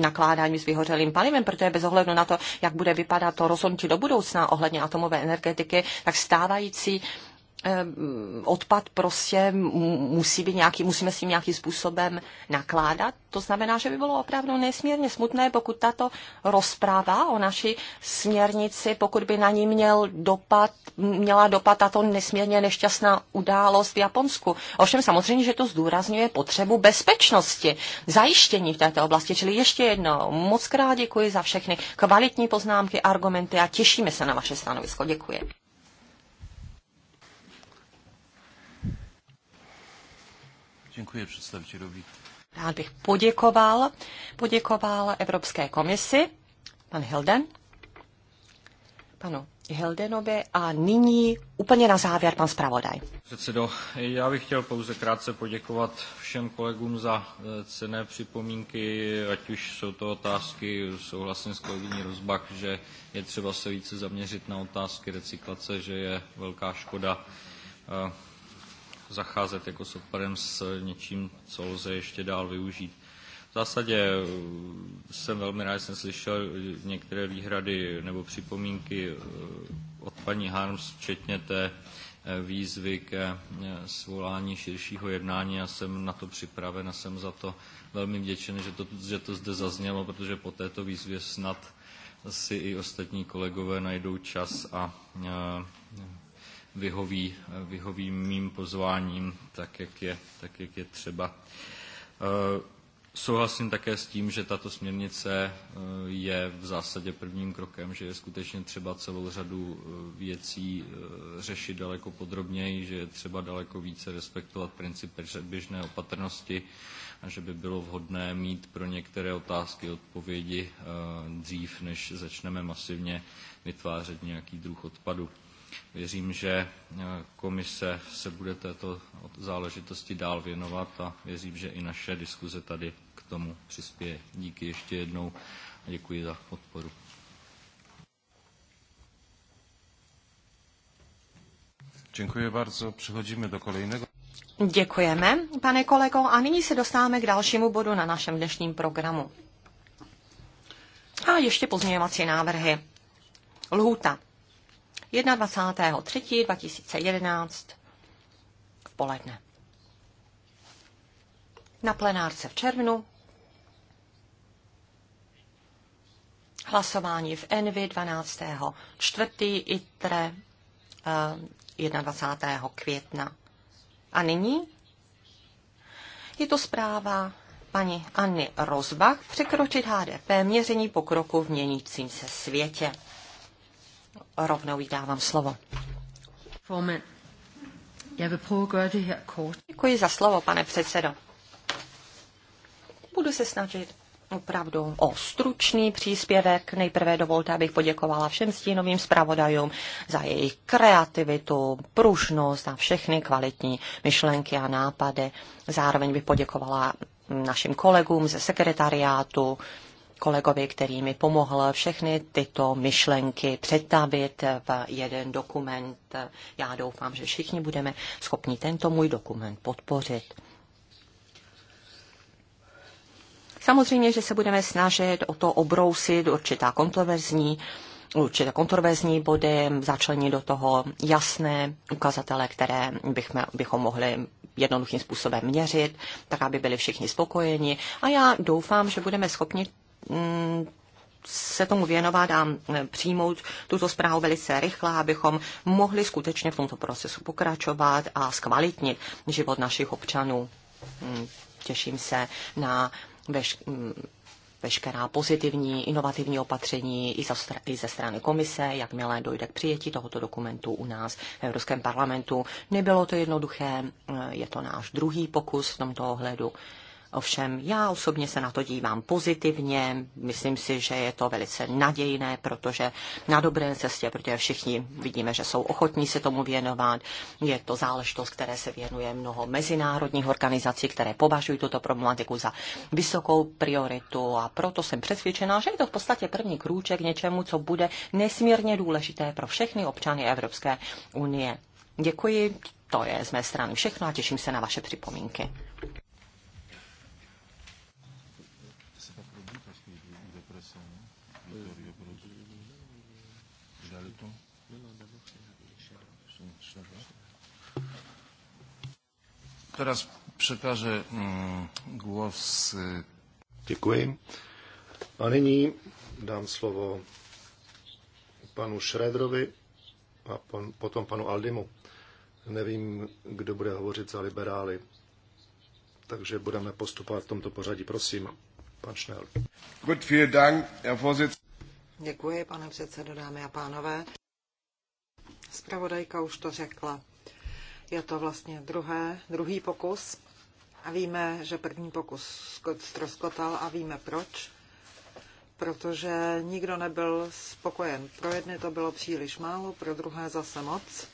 nakládáním s vyhořelým palivem, protože bez ohledu na to, jak bude vypadat to rozhodnutí do budoucna ohledně atomové energetiky, tak stávající Eh, odpad prostě musí být nějaký, musíme s tím nějakým způsobem nakládat. To znamená, že by bylo opravdu nesmírně smutné, pokud tato rozpráva o naší směrnici, pokud by na ní měl dopad, měla dopad tato nesmírně nešťastná událost v Japonsku. Ovšem samozřejmě, že to zdůrazňuje potřebu bezpečnosti, zajištění v této oblasti. Čili ještě jedno, moc krát děkuji za všechny kvalitní poznámky, argumenty a těšíme se na vaše stanovisko. Děkuji. Děkuji představitelovi. Rád bych poděkoval, poděkoval Evropské komisi, pan Hilden, panu Hildenovi a nyní úplně na závěr pan zpravodaj. Předsedo, já bych chtěl pouze krátce poděkovat všem kolegům za eh, cené připomínky, ať už jsou to otázky, souhlasím s kolegyní Rozbach, že je třeba se více zaměřit na otázky recyklace, že je velká škoda eh, zacházet jako s odpadem s něčím, co lze ještě dál využít. V zásadě eh, jsem velmi rád, jsem slyšel některé výhrady nebo připomínky eh, od paní Harms, včetně té eh, výzvy ke svolání širšího jednání a jsem na to připraven a jsem za to velmi vděčen, že to, že to zde zaznělo, protože po této výzvě snad si i ostatní kolegové najdou čas a vyhoví, vyhoví mým pozváním, tak jak je, tak jak je třeba. E, souhlasím také s tím, že tato směrnice e, je v zásadě prvním krokem, že je skutečně třeba celou řadu e, věcí řešit daleko podrobněji, že je třeba daleko více respektovat princip běžné opatrnosti a že by bylo vhodné mít pro některé otázky odpovědi dřív, než začneme masivně vytvářet nějaký druh odpadu. Věřím, že eh, komise se bude této záležitosti dál věnovat a věřím, že i naše diskuze tady k tomu přispěje. Díky ještě jednou a děkuji za podporu. Děkuji bardzo. Přechodíme do kolejného. Děkujeme, pane kolego, a nyní se dostáváme k dalšímu bodu na našem dnešním programu. A ještě pozměňovací návrhy. Lhuta. 21. 2011 v poledne. Na plenárce v červnu hlasování v Envy 12. 4. ITRE 21. Eh, května. A nyní je to zpráva paní Anny Rozbach překročit HDP měření pokroku v měnícím se světě rovnou jí dávám slovo. Děkuji za slovo, pane předsedo. Budu se snažit opravdu o stručný příspěvek. Nejprve dovolte, abych poděkovala všem stínovým zpravodajům za jejich kreativitu, pružnost a všechny kvalitní myšlenky a nápady. Zároveň bych poděkovala našim kolegům ze sekretariátu, kolegovi, který mi pomohl všechny tyto myšlenky přetavit v jeden dokument. Já doufám, že všichni budeme schopni tento můj dokument podpořit. Samozřejmě, že se budeme snažit o to obrousit určitá kontroverzní určitá kontroverzní body, začlenit do toho jasné ukazatele, které bychom, bychom mohli jednoduchým způsobem měřit, tak aby byli všichni spokojeni. A já doufám, že budeme schopni Mm, se tomu věnovat a mm, přijmout tuto zprávu velice rychle, abychom mohli skutečně v tomto procesu pokračovat a zkvalitnit život našich občanů. Mm, těším se na veš- veškerá pozitivní, inovativní opatření i, za, i ze strany komise, jakmile dojde k přijetí tohoto dokumentu u nás v Evropském parlamentu. Nebylo to jednoduché, je to náš druhý pokus v tomto ohledu. Ovšem já osobně se na to dívám pozitivně, myslím si, že je to velice nadějné, protože na dobré cestě, protože všichni vidíme, že jsou ochotní se tomu věnovat. Je to záležitost, které se věnuje mnoho mezinárodních organizací, které považují tuto problematiku za vysokou prioritu a proto jsem přesvědčená, že je to v podstatě první krůček něčemu, co bude nesmírně důležité pro všechny občany Evropské unie. Děkuji, to je z mé strany všechno a těším se na vaše připomínky. Teraz překáže mm, głos. Děkuji. A nyní dám slovo panu Šredrovi a pan, potom panu Aldimu. Nevím, kdo bude hovořit za liberály, takže budeme postupovat v tomto pořadí. Prosím, pan Šnel. Gut, vielen Dank, Děkuji, pane předsedo, dámy a pánové. Spravodajka už to řekla. Je to vlastně druhé, druhý pokus. A víme, že první pokus ztroskotal a víme proč. Protože nikdo nebyl spokojen. Pro jedny to bylo příliš málo, pro druhé zase moc.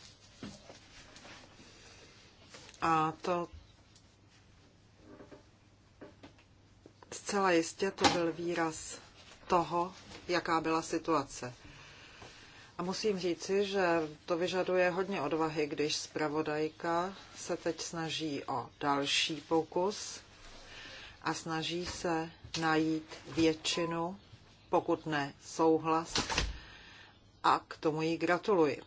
A to zcela jistě to byl výraz toho, jaká byla situace. A musím říci, že to vyžaduje hodně odvahy, když zpravodajka se teď snaží o další pokus a snaží se najít většinu, pokud ne souhlas, a k tomu jí gratuluji.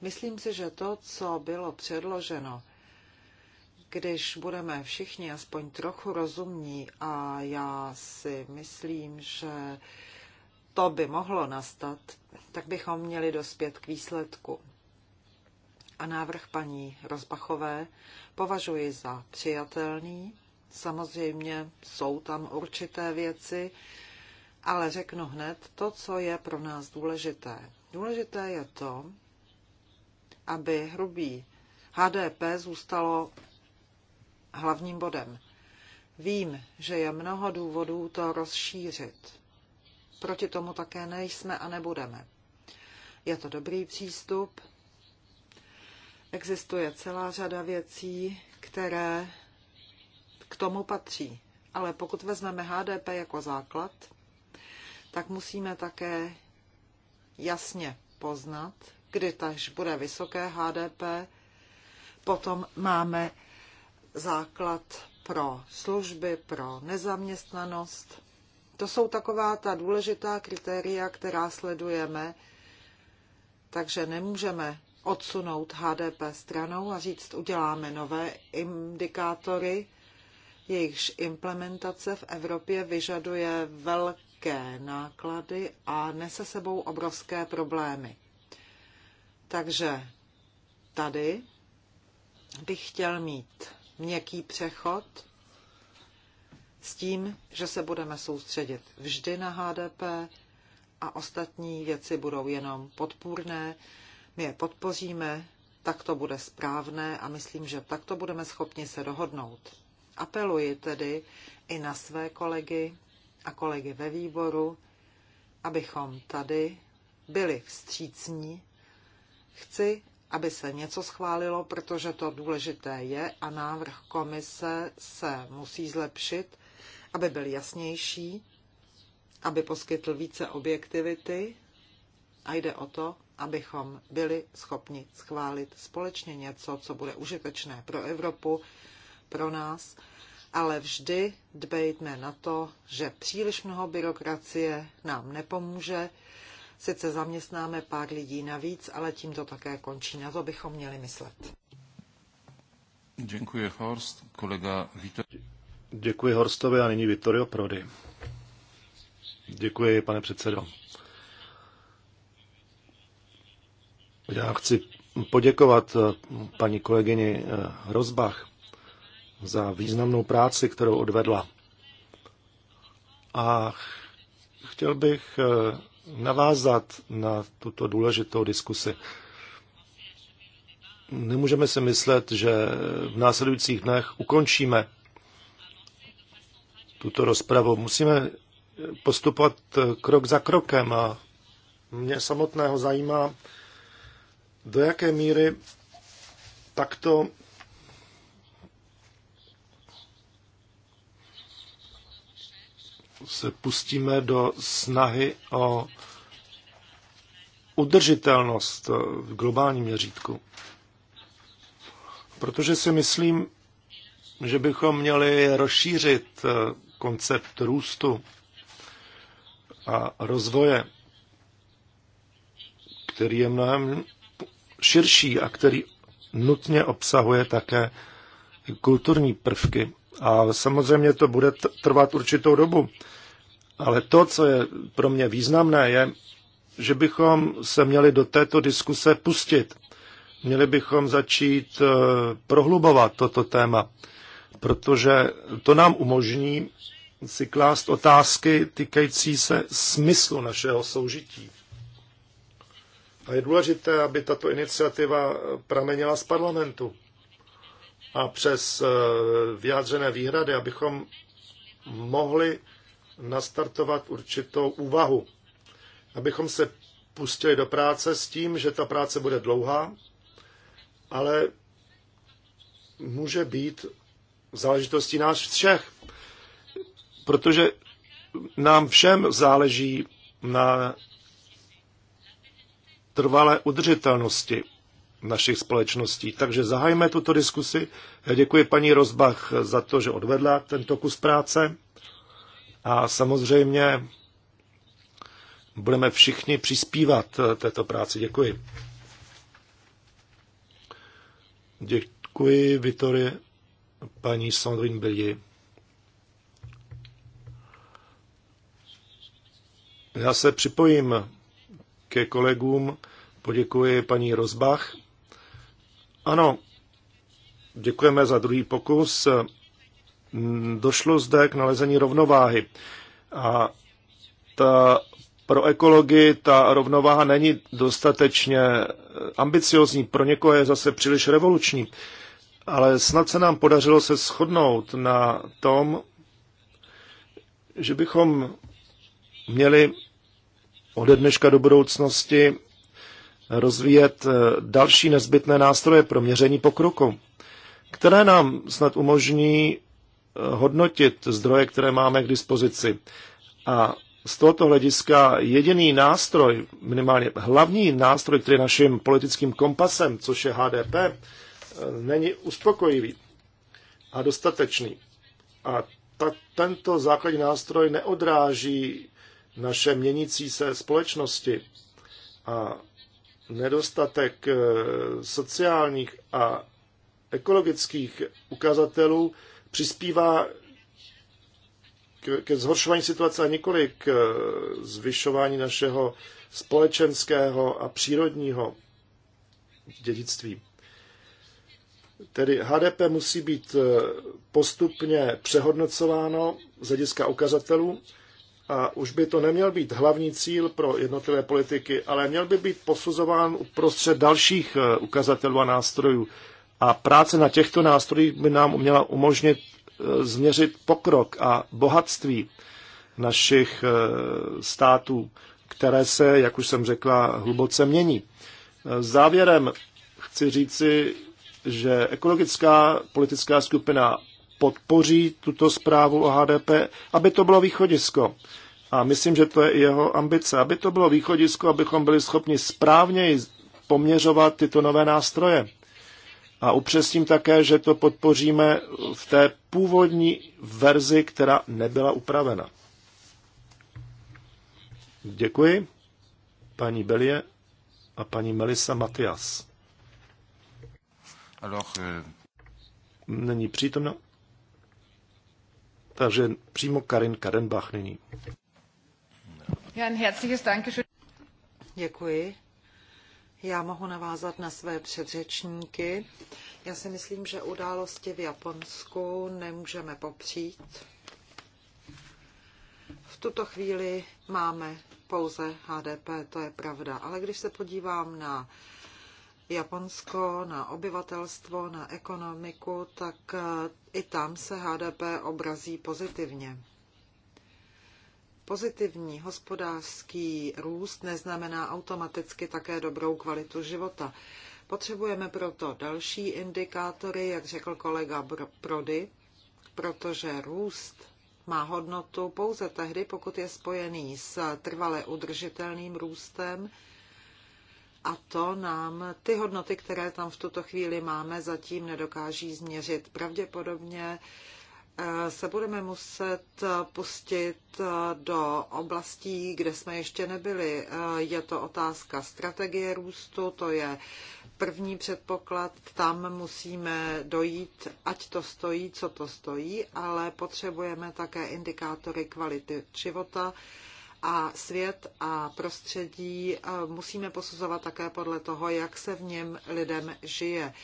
Myslím si, že to, co bylo předloženo, když budeme všichni aspoň trochu rozumní a já si myslím, že to by mohlo nastat, tak bychom měli dospět k výsledku. A návrh paní Rozbachové považuji za přijatelný. Samozřejmě jsou tam určité věci, ale řeknu hned to, co je pro nás důležité. Důležité je to, aby hrubý HDP zůstalo hlavním bodem. Vím, že je mnoho důvodů to rozšířit proti tomu také nejsme a nebudeme. Je to dobrý přístup. Existuje celá řada věcí, které k tomu patří. Ale pokud vezmeme HDP jako základ, tak musíme také jasně poznat, kdy taž bude vysoké HDP, potom máme základ pro služby, pro nezaměstnanost to jsou taková ta důležitá kritéria, která sledujeme, takže nemůžeme odsunout HDP stranou a říct, uděláme nové indikátory, jejichž implementace v Evropě vyžaduje velké náklady a nese sebou obrovské problémy. Takže tady bych chtěl mít měkký přechod, s tím, že se budeme soustředit vždy na HDP a ostatní věci budou jenom podpůrné. My je podpoříme, tak to bude správné a myslím, že takto budeme schopni se dohodnout. Apeluji tedy i na své kolegy a kolegy ve výboru, abychom tady byli vstřícní. Chci, aby se něco schválilo, protože to důležité je a návrh komise se musí zlepšit, aby byl jasnější, aby poskytl více objektivity a jde o to, abychom byli schopni schválit společně něco, co bude užitečné pro Evropu, pro nás, ale vždy dbejme na to, že příliš mnoho byrokracie nám nepomůže. Sice zaměstnáme pár lidí navíc, ale tím to také končí. Na to bychom měli myslet. Děkuji, Horst. Kolega Vítor. Děkuji Horstovi a nyní Vittorio Prodi. Děkuji, pane předsedo. Já chci poděkovat eh, paní kolegyni eh, Rozbach za významnou práci, kterou odvedla. A chtěl bych eh, navázat na tuto důležitou diskusi. Nemůžeme si myslet, že v následujících dnech ukončíme tuto rozpravu. Musíme postupovat eh, krok za krokem a mě samotného zajímá, do jaké míry takto se pustíme do snahy o udržitelnost v globálním měřítku. Protože si myslím, že bychom měli rozšířit eh, koncept růstu a rozvoje, který je mnohem širší a který nutně obsahuje také kulturní prvky. A samozřejmě to bude trvat určitou dobu. Ale to, co je pro mě významné, je, že bychom se měli do této diskuse pustit. Měli bychom začít eh, prohlubovat toto téma protože to nám umožní si klást otázky týkající se smyslu našeho soužití. A je důležité, aby tato iniciativa pramenila z parlamentu a přes eh, vyjádřené výhrady, abychom mohli nastartovat určitou úvahu, abychom se pustili do práce s tím, že ta práce bude dlouhá, ale může být záležitostí nás všech, protože nám všem záleží na trvalé udržitelnosti našich společností. Takže zahajme tuto diskusi. Já děkuji paní Rozbach za to, že odvedla tento kus práce. A samozřejmě budeme všichni přispívat této práci. Děkuji. Děkuji, Vitorie paní Sandrine Bellier. Já se připojím ke kolegům, poděkuji paní Rozbach. Ano, děkujeme za druhý pokus. Došlo zde k nalezení rovnováhy. A ta pro ekologii ta rovnováha není dostatečně ambiciozní, pro někoho je zase příliš revoluční ale snad se nám podařilo se shodnout na tom, že bychom měli ode dneška do budoucnosti rozvíjet eh, další nezbytné nástroje pro měření pokroku, které nám snad umožní eh, hodnotit zdroje, které máme k dispozici. A z tohoto hlediska jediný nástroj, minimálně hlavní nástroj, který je naším politickým kompasem, což je HDP, není uspokojivý a dostatečný. A ta, tento základní nástroj neodráží naše měnící se společnosti a nedostatek eh, sociálních a ekologických ukazatelů přispívá ke zhoršování situace a nikoli k eh, zvyšování našeho společenského a přírodního dědictví. Tedy HDP musí být e, postupně přehodnocováno z hlediska ukazatelů a už by to neměl být hlavní cíl pro jednotlivé politiky, ale měl by být posuzován uprostřed dalších e, ukazatelů a nástrojů. A práce na těchto nástrojích by nám měla umožnit e, změřit pokrok a bohatství našich států, které se, jak už jsem řekla, hluboce mění. Závěrem chci říci, že ekologická politická skupina podpoří tuto zprávu o HDP, aby to bylo východisko. A myslím, že to je i jeho ambice, aby to bylo východisko, abychom byli schopni správněji poměřovat tyto nové nástroje. A upřesním také, že to podpoříme v té původní verzi, která nebyla upravena. Děkuji. Paní Belie a paní Melisa Matias. Alors, euh, Není přítomna. Takže přímo Karin Kadenbach nyní. Děkuji. Já mohu navázat na své předřečníky. Já si myslím, že události v Japonsku nemůžeme popřít. V tuto chvíli máme pouze HDP, to je pravda. Ale když se podívám na Japonsko, na obyvatelstvo, na ekonomiku, tak e, i tam se HDP obrazí pozitivně. Pozitivní hospodářský růst neznamená automaticky také dobrou kvalitu života. Potřebujeme proto další indikátory, jak řekl kolega Prody, protože růst má hodnotu pouze tehdy, pokud je spojený s trvale udržitelným růstem, a to nám ty hodnoty, které tam v tuto chvíli máme, zatím nedokáží změřit. Pravděpodobně eh, se budeme muset pustit eh, do oblastí, kde jsme ještě nebyli. Eh, je to otázka strategie růstu, to je první předpoklad, tam musíme dojít, ať to stojí, co to stojí, ale potřebujeme také indikátory kvality života, a svět a prostředí musíme posuzovat také podle toho, jak se v něm lidem žije.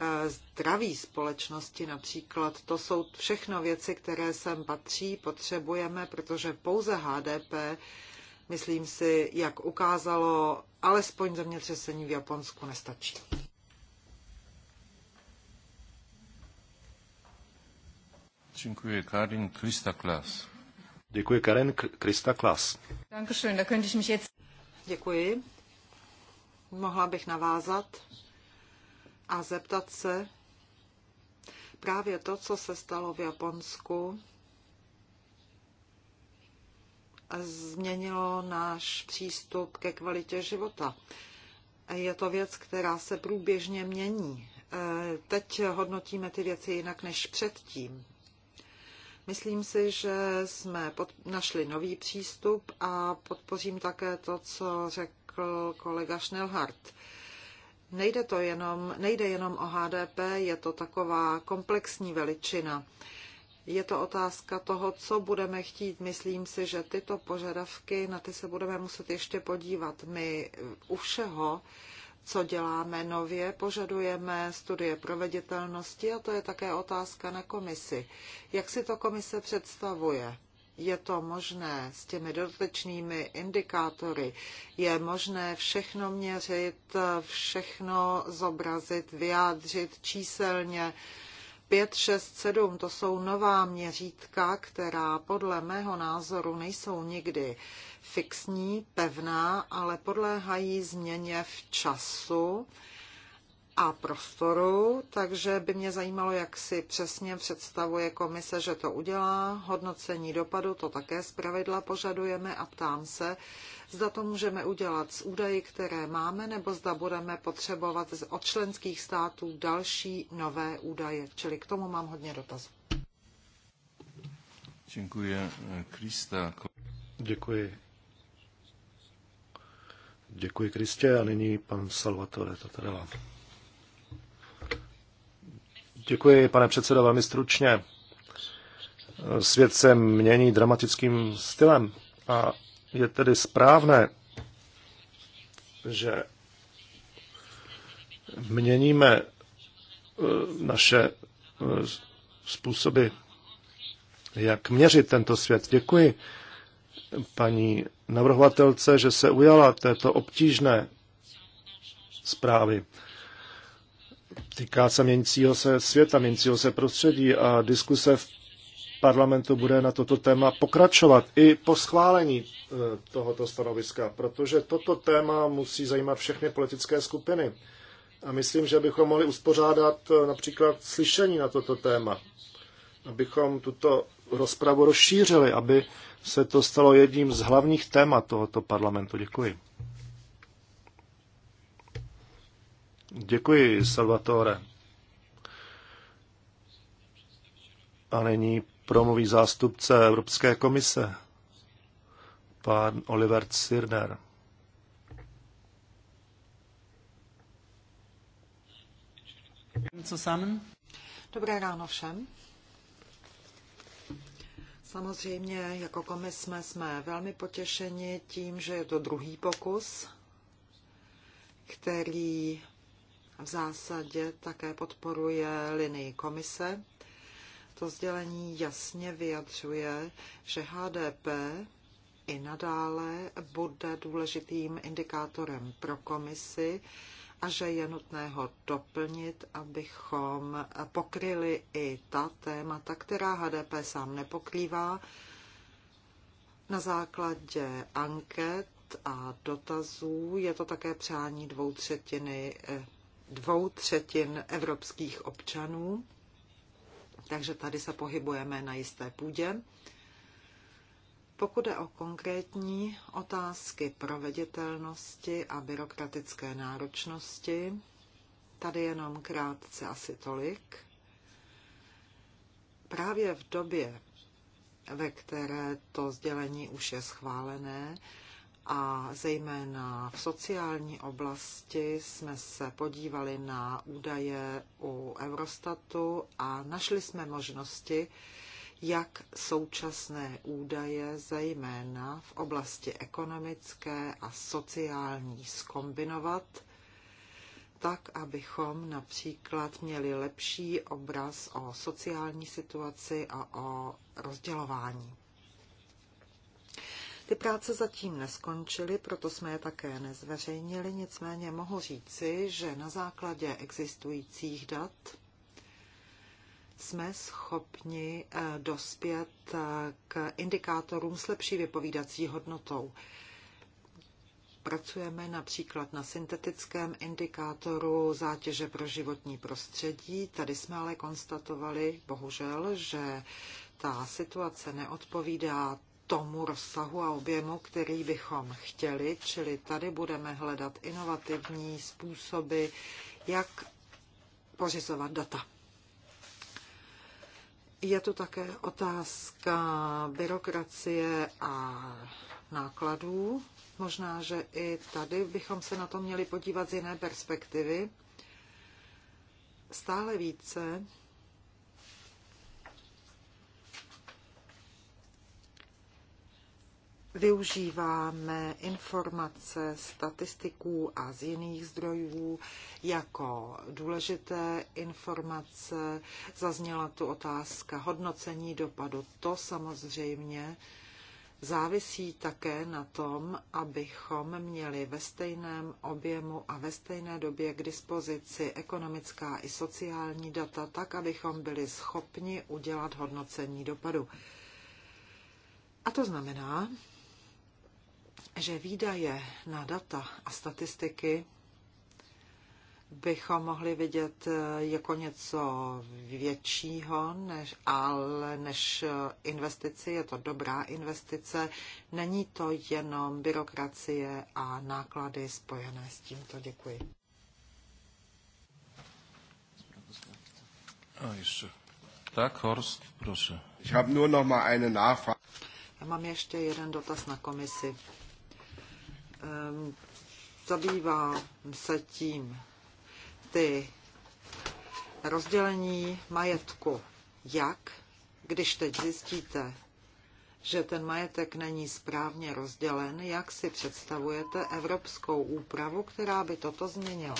E, zdraví společnosti například, to jsou všechno věci, které sem patří, potřebujeme, protože pouze HDP, myslím si, jak ukázalo alespoň zemětřesení v Japonsku, nestačí. Dziękuję. Karin Krista Klas. Děkuji Karen Krista Klas. Děkuji. Mohla bych navázat a zeptat se právě to, co se stalo v Japonsku, změnilo náš přístup ke kvalitě života. Je to věc, která se průběžně mění. Teď hodnotíme ty věci jinak než předtím. Myslím si, že jsme pod, našli nový přístup a podpořím také to, co řekl kolega Schnellhardt. Nejde, to jenom, nejde jenom o HDP, je to taková komplexní veličina. Je to otázka toho, co budeme chtít. Myslím si, že tyto požadavky, na ty se budeme muset ještě podívat. My u všeho, co děláme nově. Požadujeme studie proveditelnosti a to je také otázka na komisi. Jak si to komise představuje? Je to možné s těmi dodatečnými indikátory? Je možné všechno měřit, všechno zobrazit, vyjádřit číselně? Uh, 5, 6, 7, to jsou nová měřítka, která podle mého názoru nejsou nikdy fixní, pevná, ale podléhají změně v času a prostoru, takže by mě zajímalo, jak si přesně představuje komise, že to udělá. Hodnocení dopadu to také zpravidla požadujeme a ptám se, zda to můžeme udělat s údaji, které máme, nebo zda budeme potřebovat od členských států další nové údaje. Čili k tomu mám hodně dotazů. Děkuji, Krista. Děkuji. Děkuji, Kristě. A nyní pan Salvatore Tatarela. Děkuji, pane předsedo, velmi stručně. Svět se mění dramatickým stylem a je tedy správné, že měníme eh, naše eh, způsoby, jak měřit tento svět. Děkuji paní navrhovatelce, že se ujala této obtížné zprávy týká se měnícího se světa, měnícího se prostředí a diskuse v parlamentu bude na toto téma pokračovat i po schválení e, tohoto stanoviska, protože toto téma musí zajímat všechny politické skupiny. A myslím, že bychom mohli uspořádat e, například slyšení na toto téma, abychom tuto rozpravu rozšířili, aby se to stalo jedním z hlavních témat tohoto parlamentu. Děkuji. Děkuji, Salvatore. A nyní promluví zástupce Evropské komise, pan Oliver Sirner. Dobré ráno všem. Samozřejmě jako komis jsme, jsme velmi potěšeni tím, že je to druhý pokus, který v zásadě také podporuje linii komise. To sdělení jasně vyjadřuje, že HDP i nadále bude důležitým indikátorem pro komisi a že je nutné ho doplnit, abychom pokryli i ta témata, která HDP sám nepokrývá. Na základě anket a dotazů je to také přání dvou třetiny dvou třetin evropských občanů, takže tady se pohybujeme na jisté půdě. Pokud je o konkrétní otázky proveditelnosti a byrokratické náročnosti, tady jenom krátce asi tolik. Právě v době, ve které to sdělení už je schválené, a zejména v sociální oblasti jsme se podívali na údaje u Eurostatu a našli jsme možnosti, jak současné údaje, zejména v oblasti ekonomické a sociální, skombinovat, tak, abychom například měli lepší obraz o sociální situaci a o rozdělování. Ty práce zatím neskončily, proto jsme je také nezveřejnili, nicméně mohu říci, že na základě existujících dat jsme schopni eh, dospět eh, k indikátorům s lepší vypovídací hodnotou. Pracujeme například na syntetickém indikátoru zátěže pro životní prostředí. Tady jsme ale konstatovali, bohužel, že ta situace neodpovídá tomu rozsahu a objemu, který bychom chtěli, čili tady budeme hledat inovativní způsoby, jak pořizovat data. Je tu také otázka byrokracie a nákladů. Možná, že i tady bychom se na to měli podívat z jiné perspektivy. Stále více Využíváme informace statistiků a z jiných zdrojů jako důležité informace. Zazněla tu otázka hodnocení dopadu. To samozřejmě závisí také na tom, abychom měli ve stejném objemu a ve stejné době k dispozici ekonomická i sociální data, tak abychom byli schopni udělat hodnocení dopadu. A to znamená, že výdaje na data a statistiky bychom mohli vidět eh, jako něco většího, než, ale než eh, investici. Je to dobrá investice. Není to jenom byrokracie a náklady spojené s tímto. Děkuji. A ještě. Tak, Horst, prosím. Já mám ještě jeden dotaz na komisi. Ehm, zabývá se tím ty rozdělení majetku. Jak, když teď zjistíte, že ten majetek není správně rozdělen, jak si představujete evropskou úpravu, která by toto změnila?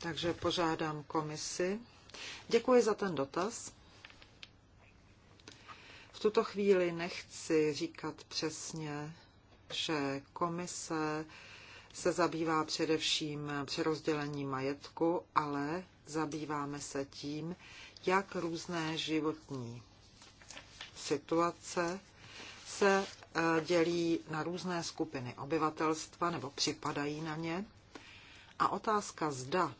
Takže požádám komisi. Děkuji za ten dotaz. V tuto chvíli nechci říkat přesně, že komise se zabývá především přerozdělením majetku, ale zabýváme se tím, jak různé životní situace se eh, dělí na různé skupiny obyvatelstva nebo připadají na ně. A otázka zda,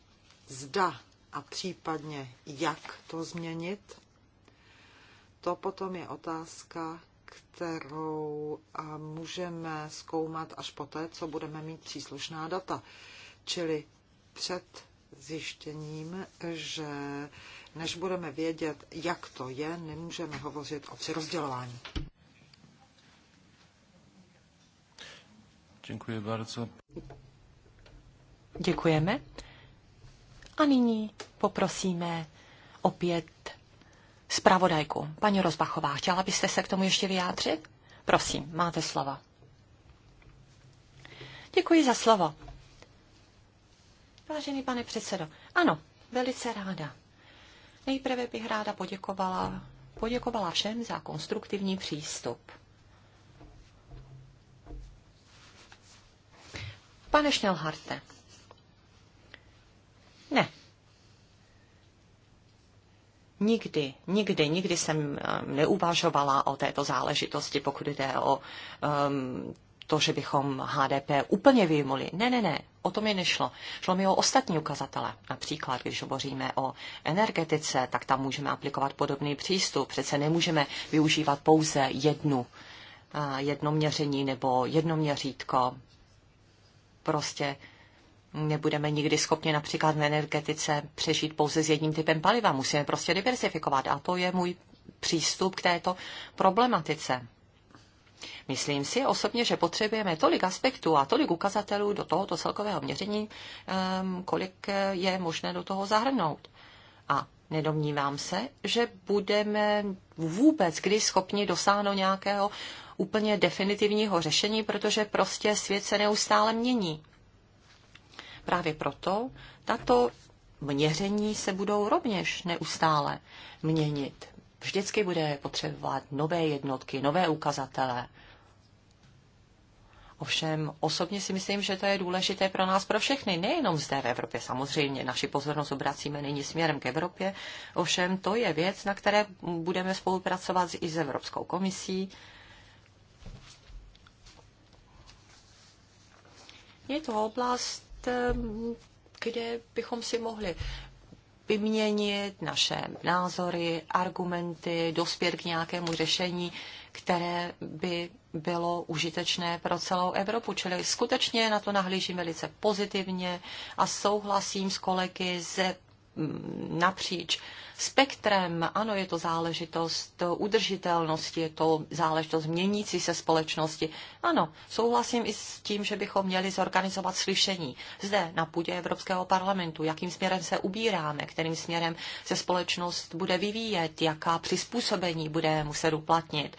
zda a případně jak to změnit to potom je otázka, kterou můžeme zkoumat až poté, co budeme mít příslušná data. Čili před zjištěním, že než budeme vědět, jak to je, nemůžeme hovořit o přirozdělování. Děkuji bardzo. Děkujeme. A nyní poprosíme opět zpravodajku, paní Rozbachová. Chtěla byste se k tomu ještě vyjádřit? Prosím, máte slovo. Děkuji za slovo. Vážený pane předsedo, ano, velice ráda. Nejprve bych ráda poděkovala, poděkovala všem za konstruktivní přístup. Pane Schnellharte. Ne, Nikdy, nikdy, nikdy jsem eh, neuvažovala o této záležitosti, pokud jde o um, to, že bychom HDP úplně vyjmuli. Ne, ne, ne, o to mi nešlo. Šlo mi o ostatní ukazatele. Například, když hovoříme o energetice, tak tam můžeme aplikovat podobný přístup. Přece nemůžeme využívat pouze jednu, eh, jedno měření nebo jedno měřítko. Prostě uh, nebudeme nikdy schopni například v energetice přežít pouze s jedním typem paliva. Musíme prostě diversifikovat a to je můj přístup k této problematice. Myslím si osobně, že potřebujeme tolik aspektů a tolik ukazatelů do tohoto celkového měření, ehm, kolik je možné do toho zahrnout. A nedomnívám se, že budeme vůbec kdy schopni dosáhnout nějakého úplně definitivního řešení, protože prostě svět se neustále mění. Právě proto tato měření se budou rovněž neustále měnit. Vždycky bude potřebovat nové jednotky, nové ukazatele. Ovšem, osobně si myslím, že to je důležité pro nás, pro všechny, nejenom zde v Evropě. Samozřejmě, naši pozornost obracíme nyní směrem k Evropě. Ovšem, to je věc, na které budeme spolupracovat i s Evropskou komisí. Je to oblast, Eh, kde bychom si mohli vyměnit naše názory, argumenty, dospět k nějakému řešení, které by bylo užitečné pro celou Evropu. Čili skutečně na to nahlížím velice pozitivně a souhlasím s kolegy ze Mm, napříč spektrem. Ano, je to záležitost udržitelnosti, je to záležitost měnící se společnosti. Ano, souhlasím i s tím, že bychom měli zorganizovat slyšení zde na půdě Evropského parlamentu, jakým směrem se ubíráme, kterým směrem se společnost bude vyvíjet, jaká přizpůsobení bude muset uplatnit.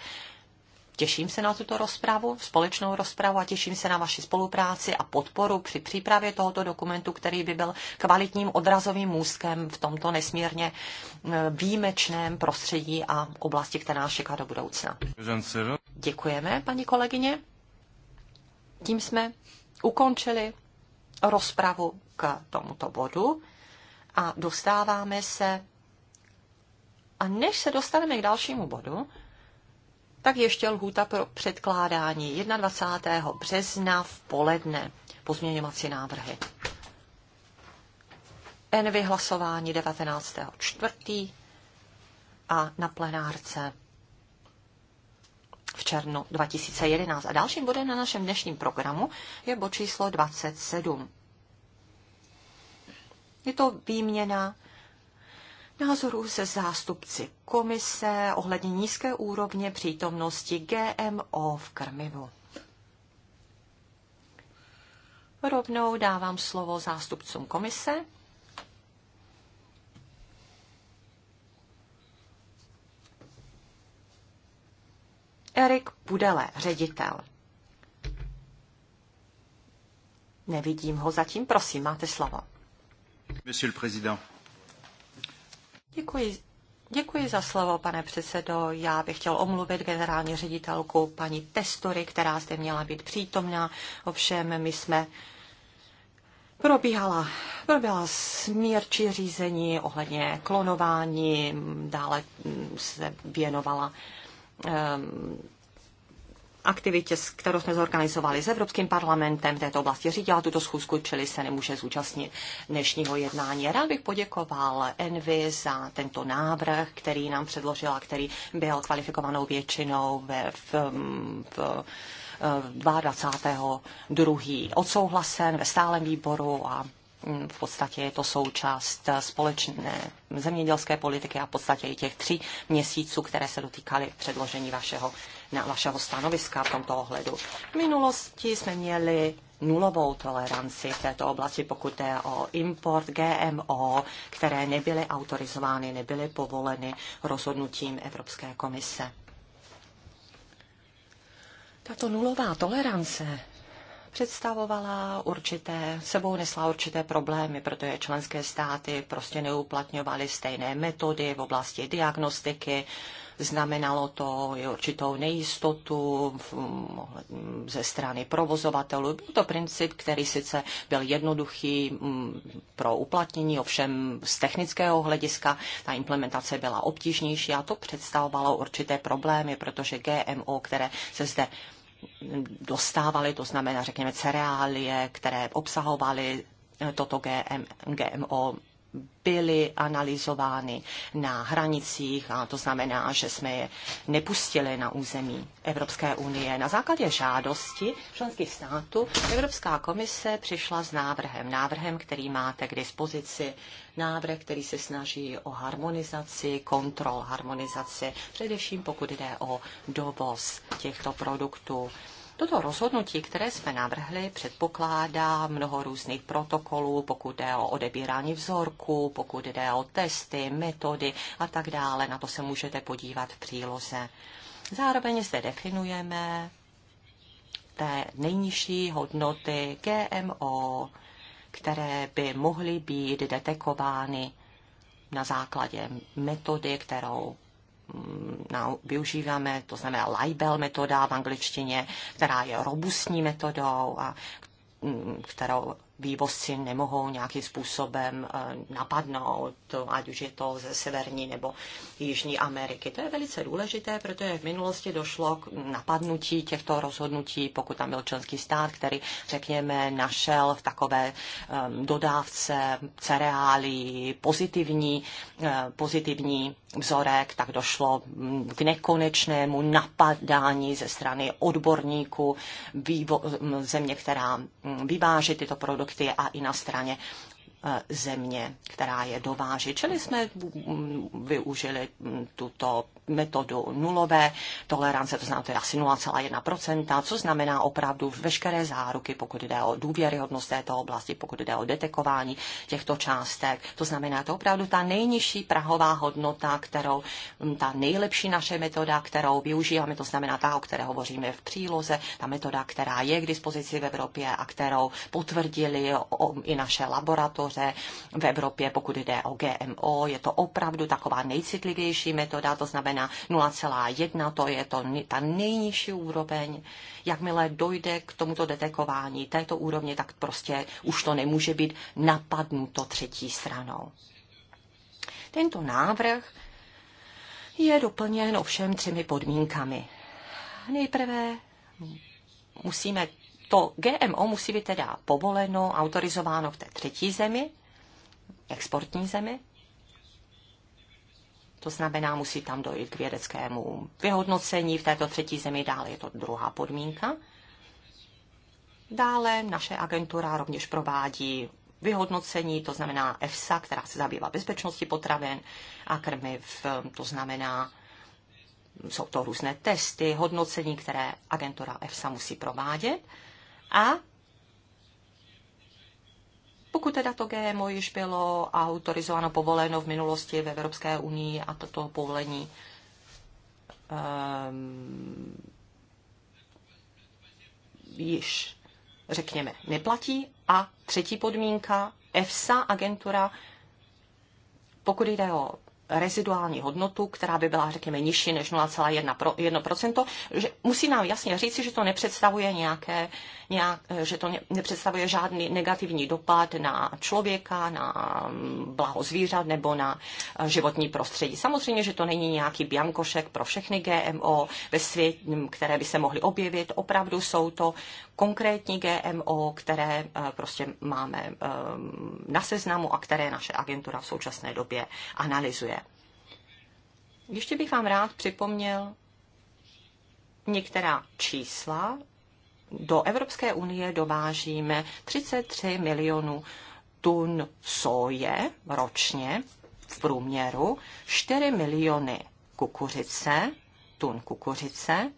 Těším se na tuto rozpravu, společnou rozpravu a těším se na vaši spolupráci a podporu při přípravě tohoto dokumentu, který by byl kvalitním odrazovým můstkem v tomto nesmírně eh, výjimečném prostředí a oblasti, která nás čeká do budoucna. Děkujeme, paní kolegyně. Tím jsme ukončili rozpravu k tomuto bodu a dostáváme se. A než se dostaneme k dalšímu bodu, tak ještě lhůta pro předkládání 21. března v poledne pozměňovací návrhy. N vyhlasování 19. čtvrtý a na plenárce v černu 2011. A dalším bodem na našem dnešním programu je bod číslo 27. Je to výměna názorů se zástupci komise ohledně nízké úrovně přítomnosti GMO v krmivu. Rovnou dávám slovo zástupcům komise. Erik Pudele, ředitel. Nevidím ho zatím, prosím, máte slovo. Monsieur le Président. Děkuji. Děkuji za slovo, pane předsedo. Já bych chtěl omluvit generální ředitelku paní Testory, která zde měla být přítomná. Ovšem, my jsme probíhala, probíhala smírčí řízení ohledně klonování, dále se věnovala um, aktivitě, kterou jsme zorganizovali s Evropským parlamentem v této oblasti řídila tuto schůzku, čili se nemůže zúčastnit dnešního jednání. Rád bych poděkoval Envy za tento návrh, který nám předložila, který byl kvalifikovanou většinou ve, v, mm, v 22.2. Eh, odsouhlasen ve stálem výboru a mm, v podstatě je to součást společné zemědělské politiky a v podstatě i těch tří měsíců, které se dotýkaly předložení vašeho na vašeho stanoviska v tomto ohledu. V minulosti jsme měli nulovou toleranci v této oblasti, pokud je o import GMO, které nebyly autorizovány, nebyly povoleny rozhodnutím Evropské komise. Tato nulová tolerance představovala určité, sebou nesla určité problémy, protože členské státy prostě neuplatňovaly stejné metody v oblasti diagnostiky, Znamenalo to i určitou nejistotu ze strany provozovatelů. Byl to princip, který sice byl jednoduchý mm, pro uplatnění, ovšem z technického hlediska ta implementace byla obtížnější a to představovalo určité problémy, protože GMO, které se zde dostávali, to znamená, řekněme, cereálie, které obsahovaly toto GM, GMO byly analyzovány na hranicích, a to znamená, že jsme je nepustili na území Evropské unie. Na základě žádosti členských států Evropská komise přišla s návrhem, návrhem, který máte k dispozici, návrh, který se snaží o harmonizaci, kontrol harmonizace především pokud jde o dovoz těchto produktů. Toto rozhodnutí, které jsme navrhli, předpokládá mnoho různých protokolů, pokud jde o odebírání vzorku, pokud jde o testy, metody a tak dále. Na to se můžete podívat v příloze. Zároveň zde definujeme té nejnižší hodnoty GMO, které by mohly být detekovány na základě metody, kterou Mm, využíváme, to znamená libel metoda v angličtině, která je robustní metodou a mm, kterou vývozci nemohou nějakým způsobem eh, napadnout, ať už je to ze Severní nebo Jižní Ameriky. To je velice důležité, protože v minulosti došlo k napadnutí těchto rozhodnutí, pokud tam byl členský stát, který, řekněme, našel v takové ehm, dodávce cereálí pozitivní, eh, pozitivní vzorek, tak došlo k nekonečnému napadání ze strany odborníků vývo- země, která hm, vyváží tyto produkty produkty a i na straně eh, země, která je dováží. Čili jsme mm, využili mm, tuto metodu nulové tolerance, to znamená, to je asi 0,1%, co znamená opravdu veškeré záruky, pokud jde o důvěryhodnost této oblasti, pokud jde o detekování těchto částek. To znamená, to opravdu ta nejnižší prahová hodnota, kterou mm, ta nejlepší naše metoda, kterou využíváme, to znamená ta, o které hovoříme v příloze, ta metoda, která je k dispozici v Evropě a kterou potvrdili i naše laboratoře v Evropě, pokud jde o GMO, je to opravdu taková nejcitlivější metoda, to znamená, znamená 0,1, to je to, ta nejnižší úroveň. Jakmile dojde k tomuto detekování této úrovně, tak prostě už to nemůže být napadnuto třetí stranou. Tento návrh je doplněn ovšem třemi podmínkami. Nejprve musíme to GMO musí být teda povoleno, autorizováno v té třetí zemi, exportní zemi. To znamená, musí tam dojít k vědeckému vyhodnocení v této třetí zemi, dále je to druhá podmínka. Dále naše agentura rovněž provádí vyhodnocení, to znamená EFSA, která se zabývá bezpečností potravin a krmiv, to znamená, jsou to různé testy, hodnocení, které agentura EFSA musí provádět. A pokud teda to GMO již bylo autorizováno, povoleno v minulosti v Evropské unii a toto povolení um, již, řekněme, neplatí. A třetí podmínka, EFSA agentura, pokud jde o reziduální hodnotu, která by byla, řekněme, nižší než 0,1%, že musí nám jasně říci, že to nepředstavuje nějaké uh, nějak, eh, že to nepředstavuje žádný negativní dopad na člověka, na mm, blaho zvířat nebo na eh, životní prostředí. Samozřejmě, že to není nějaký biankošek pro všechny GMO ve světě, mm, které by se mohly objevit. Opravdu jsou to konkrétní GMO, které eh, prostě máme na seznamu a které naše agentura v současné době analyzuje. Ještě bych vám rád připomněl některá čísla do Evropské unie dovážíme 33 milionů tun soje ročně v průměru, 4 miliony kukuřice, tun kukuřice,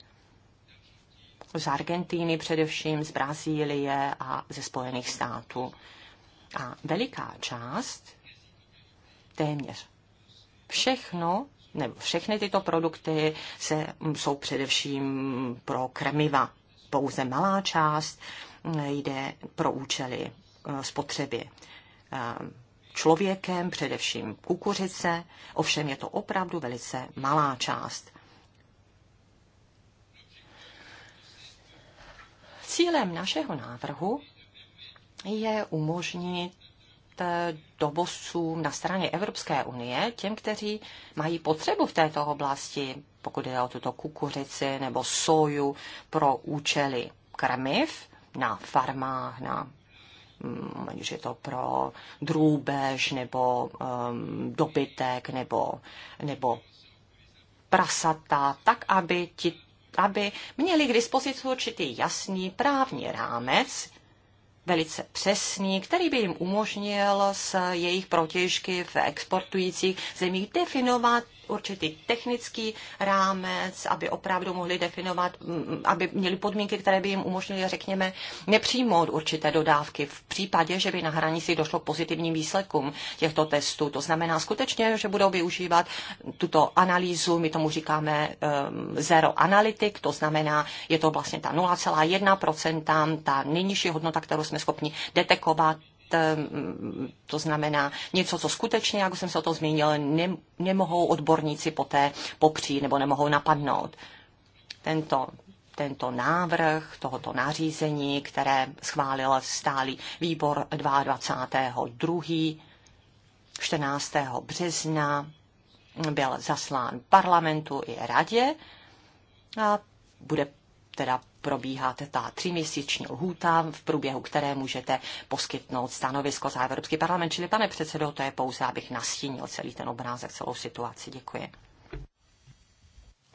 z Argentíny především, z Brazílie a ze Spojených států. A veliká část, téměř všechno, nebo všechny tyto produkty se, jsou především pro krmiva pouze malá část mm, jde pro účely eh, spotřeby eh, člověkem, především kukuřice, ovšem je to opravdu velice malá část. Cílem našeho návrhu je umožnit eh, dovozcům na straně Evropské unie, těm, kteří mají potřebu v této oblasti, pokud jde o tuto kukuřici nebo soju pro účely krmiv na farmách, na mm, ať už je to pro drůbež nebo um, dobytek nebo, nebo prasata, tak aby, ti, aby měli k dispozici určitý jasný právní rámec, velice přesný, který by jim umožnil s jejich protěžky v exportujících zemích definovat určitý technický rámec, aby opravdu mohli definovat, aby měli podmínky, které by jim umožnily, řekněme, nepřijmout určité dodávky v případě, že by na hranici došlo k pozitivním výsledkům těchto testů. To znamená skutečně, že budou využívat tuto analýzu, my tomu říkáme zero analytik, to znamená, je to vlastně ta 0,1%, ta nejnižší hodnota, kterou jsme schopni detekovat Eh, to znamená něco, co skutečně, jak jsem se o tom zmínil, ne, nemohou odborníci poté popřít nebo nemohou napadnout. Tento tento návrh tohoto nařízení, které schválil stálý výbor 22. 14. března byl zaslán parlamentu i radě a bude teda probíhá ta tříměsíční lhůta, v průběhu které můžete poskytnout stanovisko za Evropský parlament. Čili, pane předsedo, to je pouze, abych nastínil celý ten obrázek, celou situaci. Děkuji.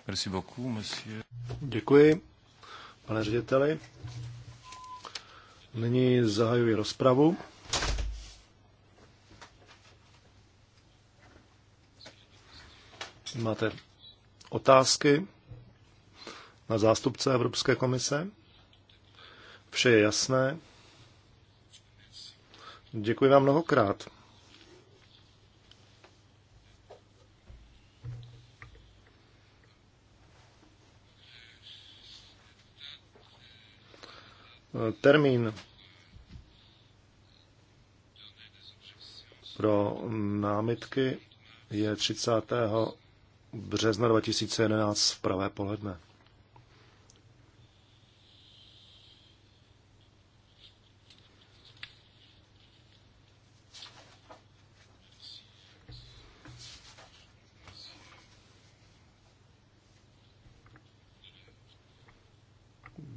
Merci beaucoup, monsieur. Děkuji, pane řediteli. Nyní zahajuji rozpravu. Máte otázky? na zástupce Evropské komise. Vše je jasné. Děkuji vám mnohokrát. Termín pro námitky je 30. března 2011 v pravé poledne.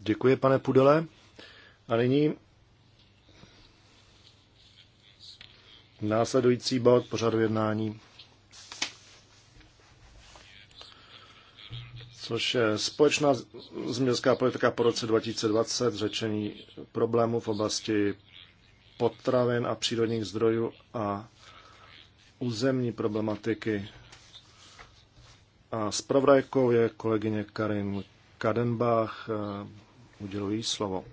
Děkuji, pane Pudele. A nyní následující bod pořadu jednání, což je společná zemědělská politika po roce 2020, řečení problémů v oblasti potravin a přírodních zdrojů a územní problematiky. A zpravodajkou je kolegyně Karin Kadenbach uděluji slovo.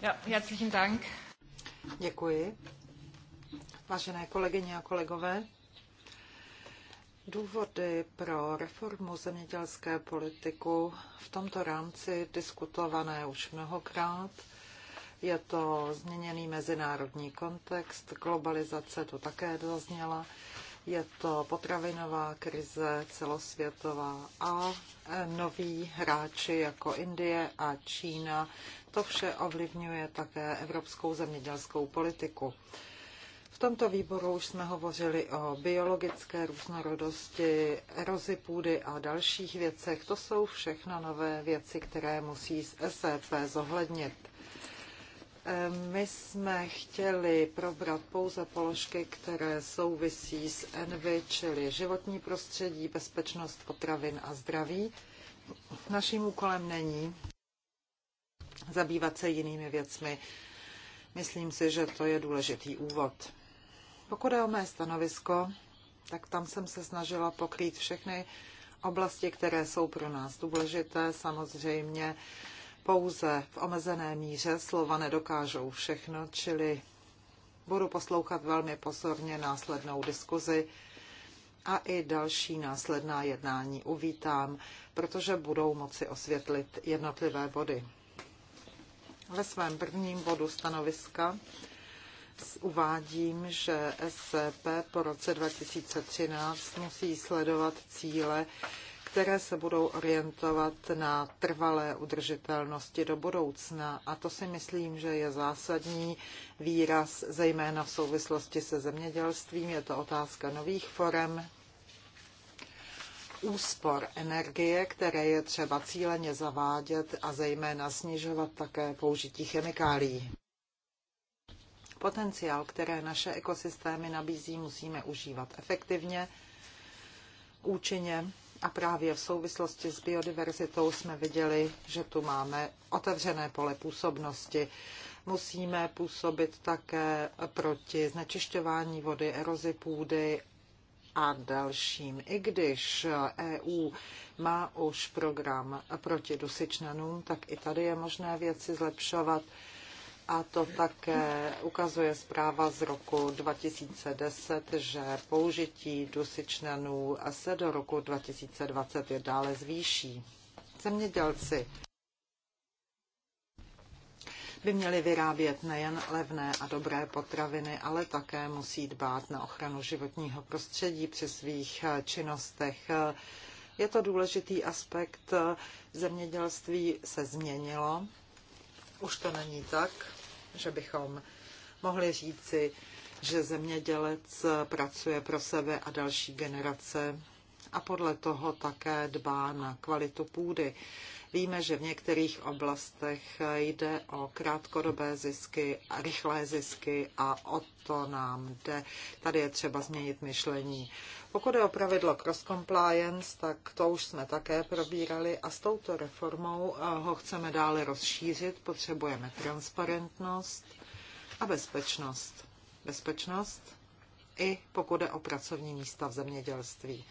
Ja, Dank. Děkuji. Vážené kolegyně a kolegové, důvody pro reformu zemědělské politiku v tomto rámci diskutované už mnohokrát. Je to změněný mezinárodní kontext, globalizace to také zazněla. Je to potravinová krize celosvětová a noví hráči jako Indie a Čína. To vše ovlivňuje také evropskou zemědělskou politiku. V tomto výboru už jsme hovořili o biologické různorodosti, erozi půdy a dalších věcech. To jsou všechno nové věci, které musí z SEP zohlednit. Ehm, my jsme chtěli probrat pouze položky, které souvisí s ENVY, čili životní prostředí, bezpečnost potravin a zdraví. Naším úkolem není zabývat se jinými věcmi. Myslím si, že to je důležitý úvod. Pokud je o mé stanovisko, tak tam jsem se snažila pokrýt všechny oblasti, které jsou pro nás důležité. Samozřejmě pouze v omezené míře, slova nedokážou všechno, čili budu poslouchat velmi pozorně následnou diskuzi a i další následná jednání uvítám, protože budou moci osvětlit jednotlivé body. Ve svém prvním bodu stanoviska uvádím, že SCP po roce 2013 musí sledovat cíle které se budou orientovat na trvalé udržitelnosti do budoucna. A to si myslím, že je zásadní výraz, zejména v souvislosti se zemědělstvím. Je to otázka nových forem úspor energie, které je třeba cíleně zavádět a zejména snižovat také použití chemikálií. Potenciál, které naše ekosystémy nabízí, musíme užívat efektivně, účinně a právě v souvislosti s biodiverzitou jsme viděli, že tu máme otevřené pole působnosti. Musíme působit také proti znečišťování vody, erozi půdy a dalším. I když EU má už program proti dusičnanům, tak i tady je možné věci zlepšovat a to také ukazuje zpráva z roku 2010, že použití dusičnanů se do roku 2020 je dále zvýší. Zemědělci by měli vyrábět nejen levné a dobré potraviny, ale také musí dbát na ochranu životního prostředí při svých činnostech. Je to důležitý aspekt. Zemědělství se změnilo. Už to není tak že bychom mohli říci, že zemědělec pracuje pro sebe a další generace a podle toho také dbá na kvalitu půdy. Víme, že v některých oblastech jde o krátkodobé zisky, rychlé zisky a o to nám jde. Tady je třeba změnit myšlení. Pokud je o pravidlo cross compliance, tak to už jsme také probírali a s touto reformou eh, ho chceme dále rozšířit. Potřebujeme transparentnost a bezpečnost. Bezpečnost i pokud je o pracovní místa v zemědělství.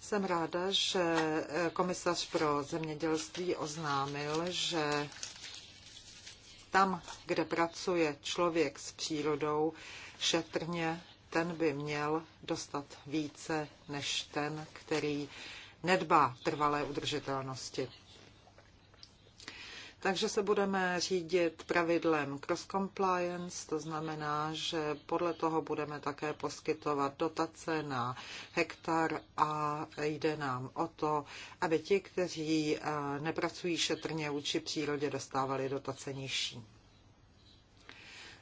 Jsem ráda, že eh, komisař pro zemědělství oznámil, že tam, kde pracuje člověk s přírodou šetrně, ten by měl dostat více než ten, který nedbá trvalé udržitelnosti. Takže se budeme řídit pravidlem cross-compliance, to znamená, že podle toho budeme také poskytovat dotace na hektar a jde nám o to, aby ti, kteří eh, nepracují šetrně vůči přírodě, dostávali dotace nižší.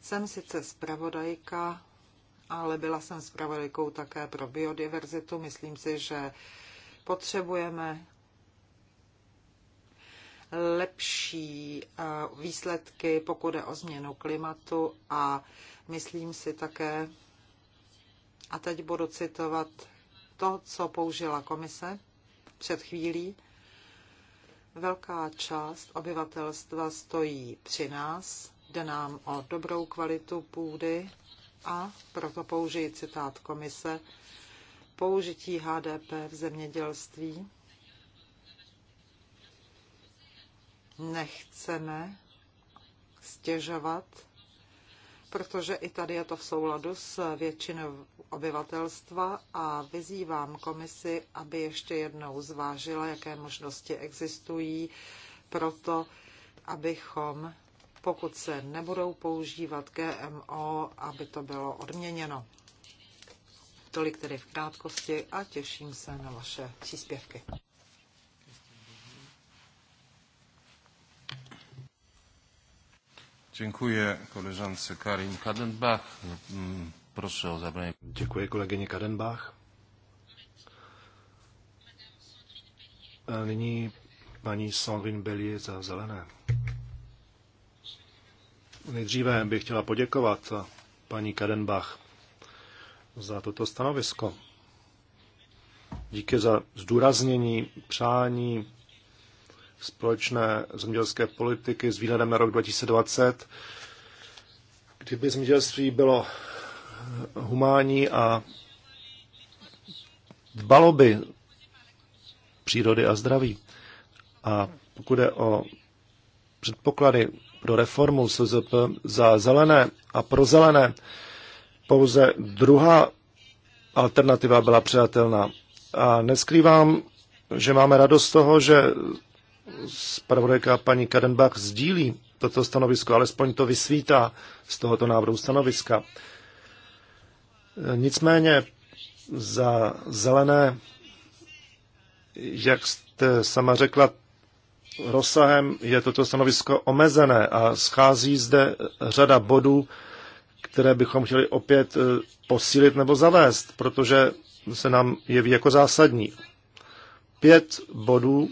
Jsem sice zpravodajka, ale byla jsem zpravodajkou také pro biodiverzitu. Myslím si, že potřebujeme lepší eh, výsledky, pokud jde o změnu klimatu a myslím si také, a teď budu citovat to, co použila komise před chvílí, velká část obyvatelstva stojí při nás, jde nám o dobrou kvalitu půdy a proto použiji citát komise, použití HDP v zemědělství nechceme stěžovat, protože i tady je to v souladu s většinou obyvatelstva a vyzývám komisi, aby ještě jednou zvážila, jaké možnosti existují pro to, abychom, pokud se nebudou používat GMO, aby to bylo odměněno. Tolik tedy v krátkosti a těším se na vaše příspěvky. Děkuji koleżance Karin Kadenbach. Mm, proszę o zabranie. Děkuji kolegyně Kadenbach. A nyní paní Sandrine Bellier za zelené. Nejdříve bych chtěla poděkovat paní Kadenbach za toto stanovisko. Díky za zdůraznění přání společné zemědělské politiky s výhledem na rok 2020. Kdyby zemědělství bylo humánní a dbalo by přírody a zdraví. A pokud je o předpoklady pro reformu SZP za zelené a pro zelené, pouze druhá alternativa byla přijatelná. A neskrývám, že máme radost z toho, že zpravodajka paní Kadenbach sdílí toto stanovisko, alespoň to vysvítá z tohoto návrhu stanoviska. Nicméně za zelené, jak jste sama řekla, rozsahem je toto stanovisko omezené a schází zde řada bodů, které bychom chtěli opět eh, posílit nebo zavést, protože se nám jeví jako zásadní. Pět bodů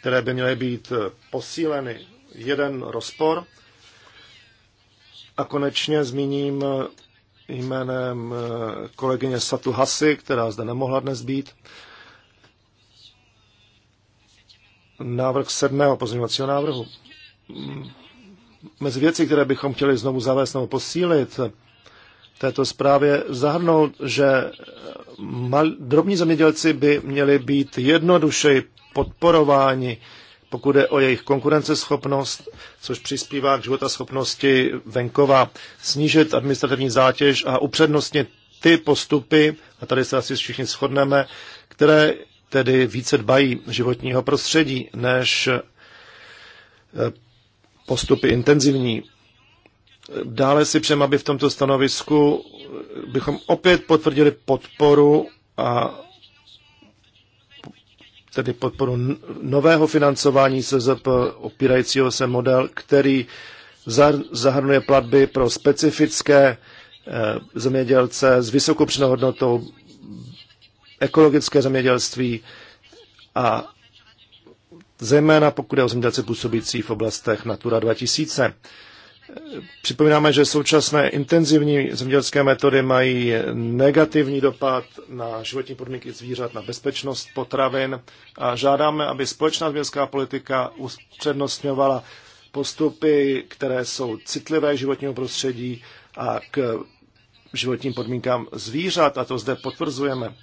které by měly být posíleny. Jeden rozpor. A konečně zmíním jménem kolegyně Satu Hasy, která zde nemohla dnes být. Návrh sedmého pozměňovacího návrhu. Mezi věci, které bychom chtěli znovu zavést nebo posílit, této zprávě zahrnout, že mal, drobní zemědělci by měli být jednodušeji podporováni, pokud je o jejich konkurenceschopnost, což přispívá k životaschopnosti venkova, snížit administrativní zátěž a upřednostnit ty postupy, a tady se asi všichni shodneme, které tedy více dbají životního prostředí než eh, postupy intenzivní. Dále si přejeme, aby v tomto stanovisku bychom opět potvrdili podporu a tedy podporu nového financování SZP opírajícího se model, který zahrnuje platby pro specifické eh, zemědělce s vysokou přinohodnotou, ekologické zemědělství a zejména pokud je o zemědělce působící v oblastech Natura 2000. Připomínáme, že současné intenzivní zemědělské metody mají negativní dopad na životní podmínky zvířat, na bezpečnost potravin a žádáme, aby společná zemědělská politika upřednostňovala postupy, které jsou citlivé k životnímu prostředí a k životním podmínkám zvířat, a to zde potvrzujeme.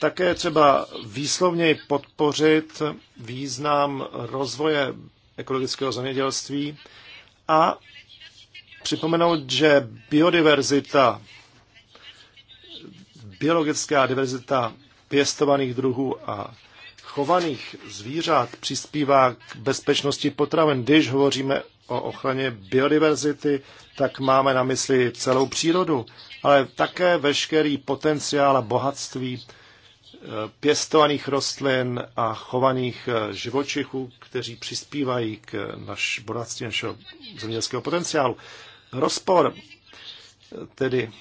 Také třeba výslovněji podpořit význam rozvoje ekologického zemědělství a připomenout, že biodiverzita, biologická diverzita pěstovaných druhů a chovaných zvířat přispívá k bezpečnosti potravin. Když hovoříme o ochraně biodiverzity, tak máme na mysli celou přírodu, ale také veškerý potenciál a bohatství eh, pěstovaných rostlin a chovaných eh, živočichů, kteří přispívají k naš, bohatství našeho zemědělského potenciálu rozpor, tedy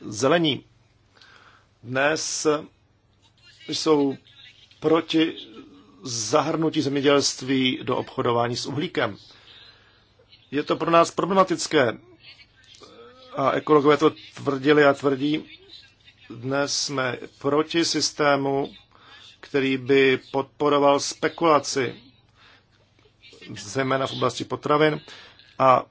zelení, dnes jsou proti zahrnutí zemědělství do obchodování s uhlíkem. Je to pro nás problematické a ekologové to tvrdili a tvrdí. Dnes jsme proti systému, který by podporoval spekulaci, zejména v oblasti potravin, a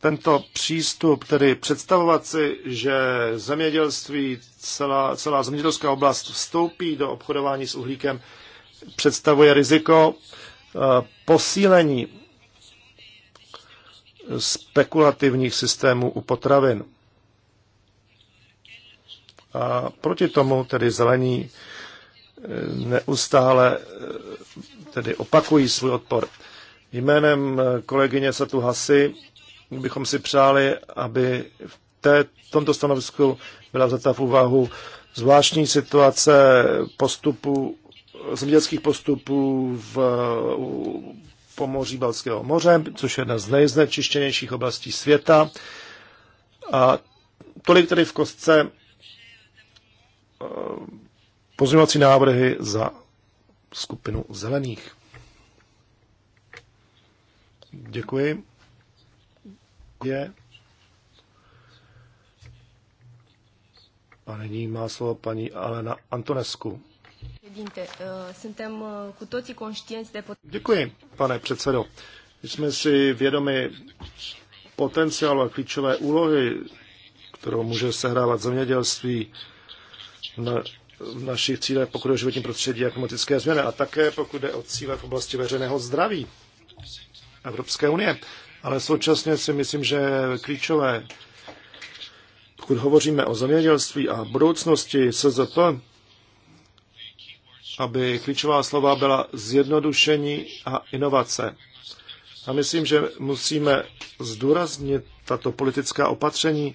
tento přístup, tedy představovat si, že zemědělství, celá, celá zemědělská oblast vstoupí do obchodování s uhlíkem, představuje riziko eh, posílení spekulativních systémů u potravin. A proti tomu tedy zelení eh, neustále eh, tedy opakují svůj odpor. Jménem kolegyně Satu Hasy bychom si přáli, aby v té, tomto stanovisku byla vzata v úvahu zvláštní situace postupu, zemědělských postupů v pomoří Balského moře, což je jedna z nejznečištěnějších oblastí světa. A tolik tedy v kostce eh, pozměňovací návrhy za skupinu zelených. Děkuji je. A nyní má slovo paní Alena Antonesku. Eh, eh, Děkuji, pane předsedo. My jsme si vědomi potenciálu a klíčové úlohy, kterou může sehrávat zemědělství na, v našich cílech, pokud je o životní prostředí a klimatické změny, a také pokud jde o cíle v oblasti veřejného zdraví Evropské unie ale současně si myslím, že klíčové, pokud hovoříme o zemědělství a budoucnosti SZP, aby klíčová slova byla zjednodušení a inovace. A myslím, že musíme zdůraznit tato politická opatření,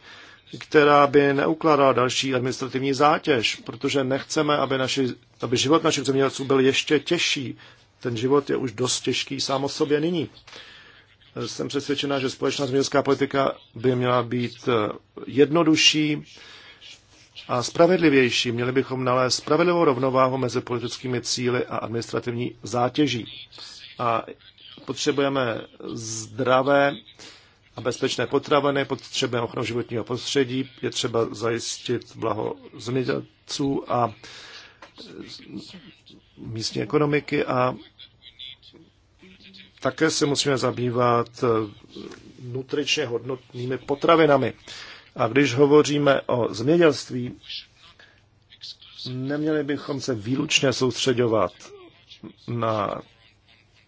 která by neukládala další administrativní zátěž, protože nechceme, aby, naši, aby život našich zemědělců byl ještě těžší. Ten život je už dost těžký sám o sobě nyní jsem přesvědčena, že společná zemědělská politika by měla být eh, jednodušší a spravedlivější. Měli bychom nalézt spravedlivou rovnováhu mezi politickými cíly a administrativní zátěží. A potřebujeme zdravé a bezpečné potraviny, potřebujeme ochranu životního prostředí, je třeba zajistit blaho zemědělců a místní ekonomiky a také se musíme zabývat eh, nutričně hodnotnými potravinami. A když hovoříme o zemědělství, neměli bychom se výlučně soustředovat na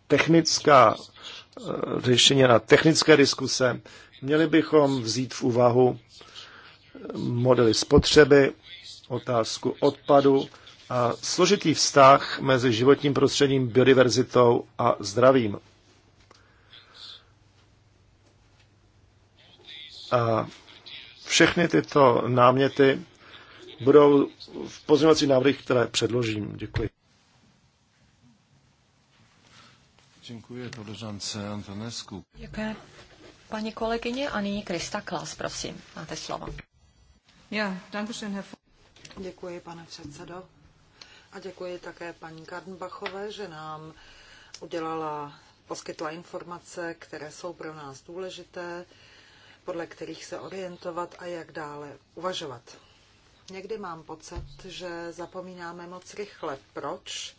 technická eh, řešení, na technické diskuse. Měli bychom vzít v úvahu eh, modely spotřeby, otázku odpadu a složitý vztah mezi životním prostředím, biodiverzitou a zdravím. A všechny tyto náměty budou v pozměňovacích návrhech, které předložím. Děkuji. Děkuji koleżance Antonescu. Děkuji. Paní kolegyně a nyní Krista Klas, prosím, máte slovo. Já, Děkuji, pane předsedo. A děkuji také paní Karnbachové, že nám udělala, poskytla informace, které jsou pro nás důležité podle kterých se orientovat a jak dále uvažovat. Někdy mám pocit, že zapomínáme moc rychle, proč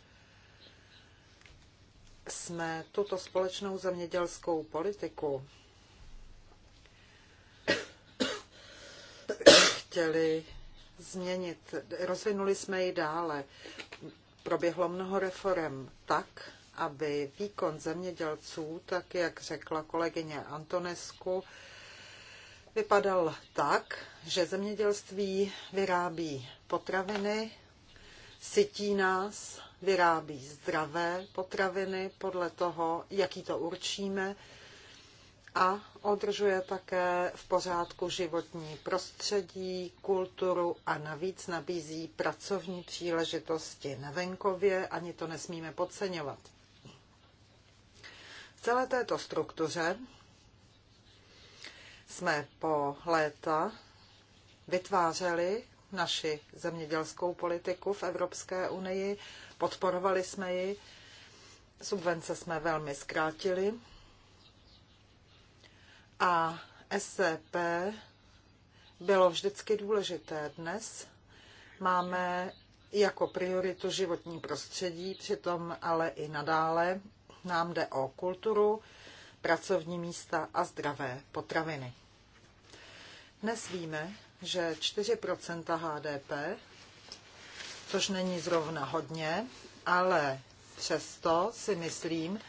jsme tuto společnou zemědělskou politiku chtěli změnit. Rozvinuli jsme ji dále. Proběhlo mnoho reform tak, aby výkon zemědělců, tak jak řekla kolegyně Antonesku, vypadal tak, že zemědělství vyrábí potraviny, sytí nás, vyrábí zdravé potraviny podle toho, jaký to určíme a održuje také v pořádku životní prostředí, kulturu a navíc nabízí pracovní příležitosti na venkově, ani to nesmíme podceňovat. V celé této struktuře jsme po léta vytvářeli naši zemědělskou politiku v Evropské unii, podporovali jsme ji, subvence jsme velmi zkrátili a SCP e bylo vždycky důležité. Dnes máme jako prioritu životní prostředí, přitom ale i nadále nám jde o kulturu, pracovní místa a zdravé potraviny. Dnes víme, že 4 HDP, což není zrovna hodně, ale přesto si myslím,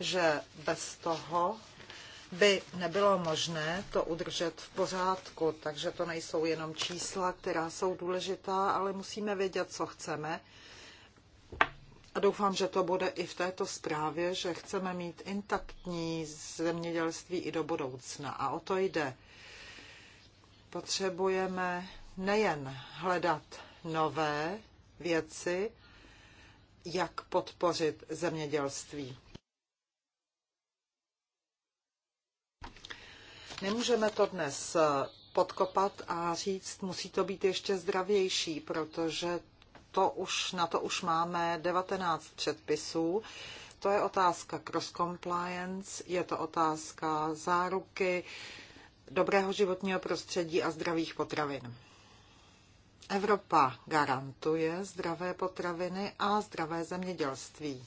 že bez toho by nebylo možné to udržet v pořádku. Takže to nejsou jenom čísla, která jsou důležitá, ale musíme vědět, co chceme a doufám, že to bude i v této zprávě, že chceme mít intaktní zemědělství i do budoucna. A o to jde. Potřebujeme nejen hledat nové věci, jak podpořit zemědělství. Nemůžeme to dnes podkopat a říct, musí to být ještě zdravější, protože to už, na to už máme 19 předpisů. To je otázka cross-compliance, je to otázka záruky, dobrého životního prostředí a zdravých potravin. Evropa garantuje zdravé potraviny a zdravé zemědělství.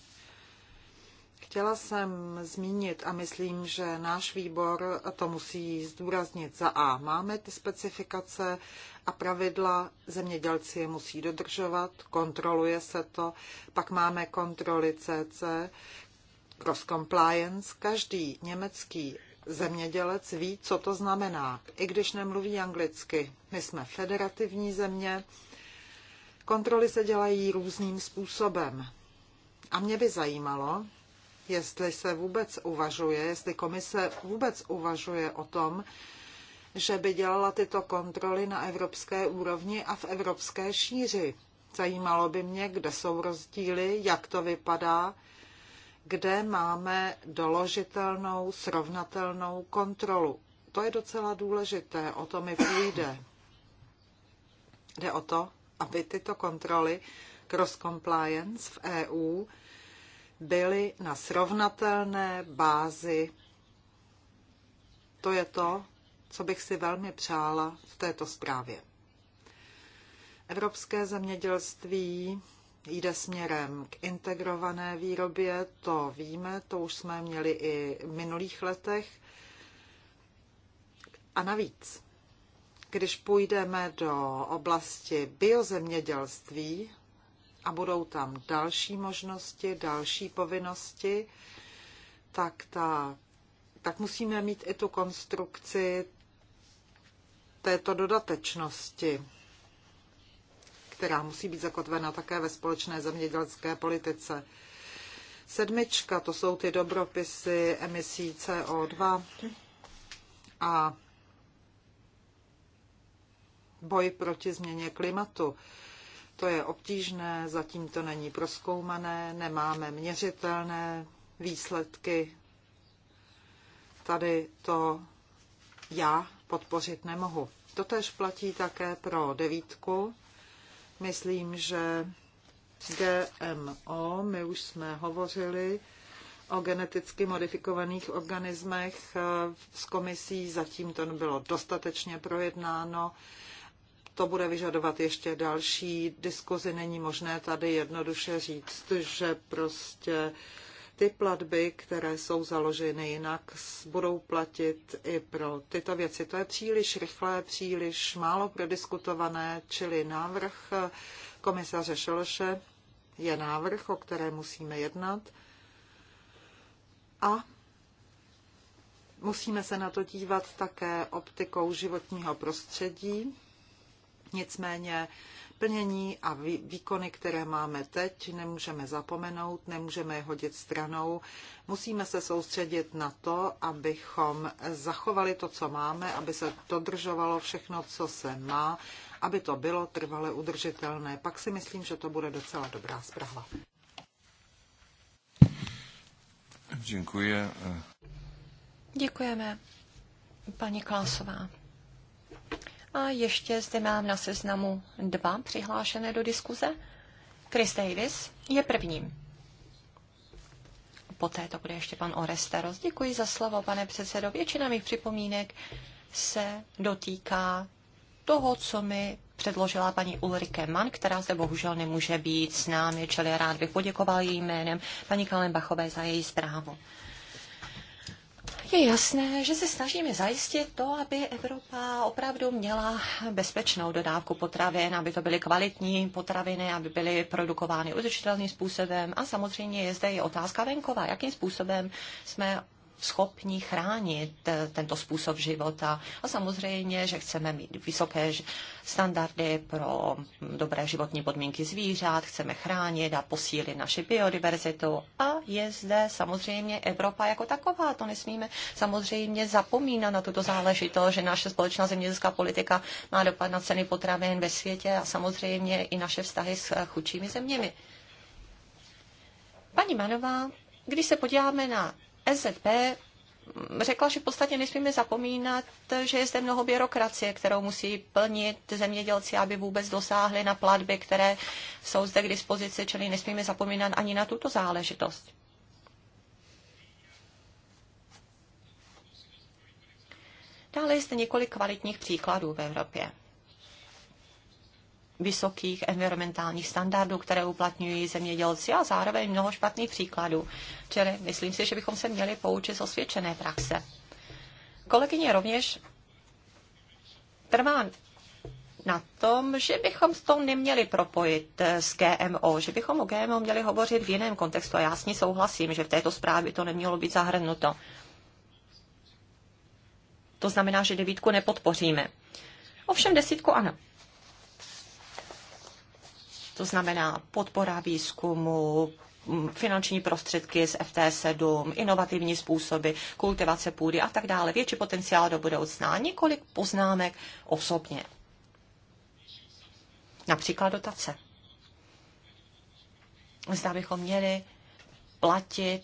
Chtěla jsem zmínit a myslím, že náš výbor to musí zdůraznit za A. Máme ty specifikace a pravidla, zemědělci je musí dodržovat, kontroluje se to, pak máme kontroly CC, cross compliance, každý německý zemědělec ví, co to znamená, i když nemluví anglicky. My jsme federativní země, kontroly se dělají různým způsobem. A mě by zajímalo, jestli se vůbec uvažuje, jestli komise vůbec uvažuje o tom, že by dělala tyto kontroly na evropské úrovni a v evropské šíři. Zajímalo by mě, kde jsou rozdíly, jak to vypadá, kde máme doložitelnou, srovnatelnou kontrolu. To je docela důležité, o to mi půjde. Jde o to, aby tyto kontroly cross-compliance v EU byly na srovnatelné bázi. To je to, co bych si velmi přála v této zprávě. Evropské zemědělství jde směrem k integrované výrobě, to víme, to už jsme měli i v minulých letech. A navíc, když půjdeme do oblasti biozemědělství, a budou tam další možnosti, další povinnosti, tak, ta, tak musíme mít i tu konstrukci této dodatečnosti, která musí být zakotvena také ve společné zemědělské politice. Sedmička, to jsou ty dobropisy emisí CO2 a boj proti změně klimatu. To je obtížné, zatím to není proskoumané, nemáme měřitelné výsledky. Tady to já podpořit nemohu. Totež platí také pro devítku. Myslím, že GMO, my už jsme hovořili o geneticky modifikovaných organismech s komisí, zatím to bylo dostatečně projednáno to bude vyžadovat ještě další diskuzi. Není možné tady jednoduše říct, že prostě ty platby, které jsou založeny jinak, budou platit i pro tyto věci. To je příliš rychlé, příliš málo prodiskutované, čili návrh komisaře Šeloše je návrh, o kterém musíme jednat. A musíme se na to dívat také optikou životního prostředí. Nicméně plnění a výkony, které máme teď, nemůžeme zapomenout, nemůžeme je hodit stranou. Musíme se soustředit na to, abychom zachovali to, co máme, aby se dodržovalo všechno, co se má, aby to bylo trvale udržitelné. Pak si myslím, že to bude docela dobrá zpráva. Děkuji. Děkujeme, paní Klasová. A ještě zde mám na seznamu dva přihlášené do diskuze. Chris Davis je prvním. Poté to bude ještě pan Oresteros. Děkuji za slovo, pane předsedo. Většina mých připomínek se dotýká toho, co mi předložila paní Ulrike Mann, která se bohužel nemůže být s námi, čili rád bych poděkoval jejím jménem paní Kalenbachové za její zprávu. Je jasné, že se snažíme zajistit to, aby Evropa opravdu měla bezpečnou dodávku potravin, aby to byly kvalitní potraviny, aby byly produkovány udržitelným způsobem. A samozřejmě je zde i otázka venkova, jakým způsobem jsme schopni chránit eh, tento způsob života. A samozřejmě, že chceme mít vysoké standardy pro hm, dobré životní podmínky zvířat, chceme chránit a posílit naši biodiverzitu. A je zde samozřejmě Evropa jako taková. To nesmíme samozřejmě zapomínat na tuto záležitost, že naše společná zemědělská politika má dopad na ceny potravin ve světě a samozřejmě i naše vztahy s eh, chudšími zeměmi. Paní Manová, když se podíváme na SZP řekla, že v podstatě nesmíme zapomínat, že je zde mnoho byrokracie, kterou musí plnit zemědělci, aby vůbec dosáhli na platby, které jsou zde k dispozici, čili nesmíme zapomínat ani na tuto záležitost. Dále je zde několik kvalitních příkladů v Evropě vysokých environmentálních standardů, které uplatňují zemědělci a zároveň mnoho špatných příkladů. Čili myslím si, že bychom se měli poučit z osvědčené praxe. Kolegyně rovněž trvá na tom, že bychom to neměli propojit eh, s GMO, že bychom o GMO měli hovořit v jiném kontextu. A já s ní souhlasím, že v této zprávě to nemělo být zahrnuto. To znamená, že devítku nepodpoříme. Ovšem desítku ano. To znamená podpora výzkumu, finanční prostředky z FT7, inovativní způsoby, kultivace půdy a tak dále. Větší potenciál do budoucna. Několik poznámek osobně. Například dotace. Zda bychom měli platit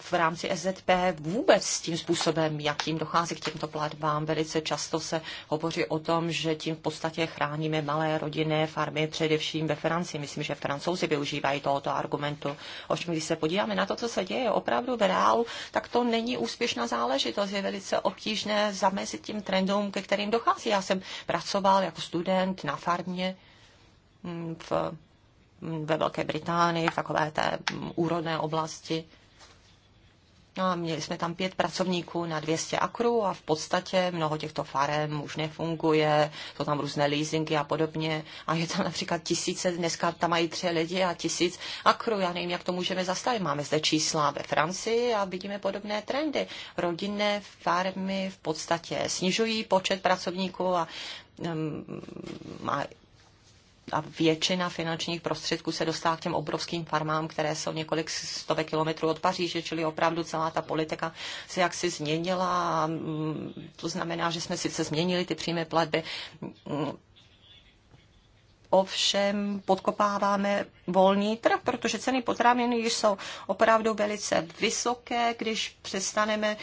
v rámci SZP vůbec s tím způsobem, jakým dochází k těmto platbám. Velice často se hovoří o tom, že tím v podstatě chráníme malé rodinné farmy, především ve Francii. Myslím, že francouzi využívají tohoto argumentu. Ovšem, když se podíváme na to, co se děje opravdu v reálu, tak to není úspěšná záležitost. Je velice obtížné zamezit tím trendům, ke kterým dochází. Já jsem pracoval jako student na farmě mm, v, mm, ve Velké Británii, v takové té mm, úrodné oblasti No a měli jsme tam pět pracovníků na 200 akrů a v podstatě mnoho těchto farem už nefunguje, jsou tam různé leasingy a podobně a je tam například tisíce, dneska tam mají tři lidi a tisíc akrů, já nevím, jak to můžeme zastavit. Máme zde čísla ve Francii a vidíme podobné trendy. Rodinné farmy v podstatě snižují počet pracovníků a mm, má a většina finančních prostředků se dostává k těm obrovským farmám, které jsou několik stovek kilometrů od Paříže, čili opravdu celá ta politika se jaksi změnila. Mm, to znamená, že jsme sice změnili ty přímé platby, ovšem podkopáváme volný trh, protože ceny potravin již jsou opravdu velice vysoké, když přestaneme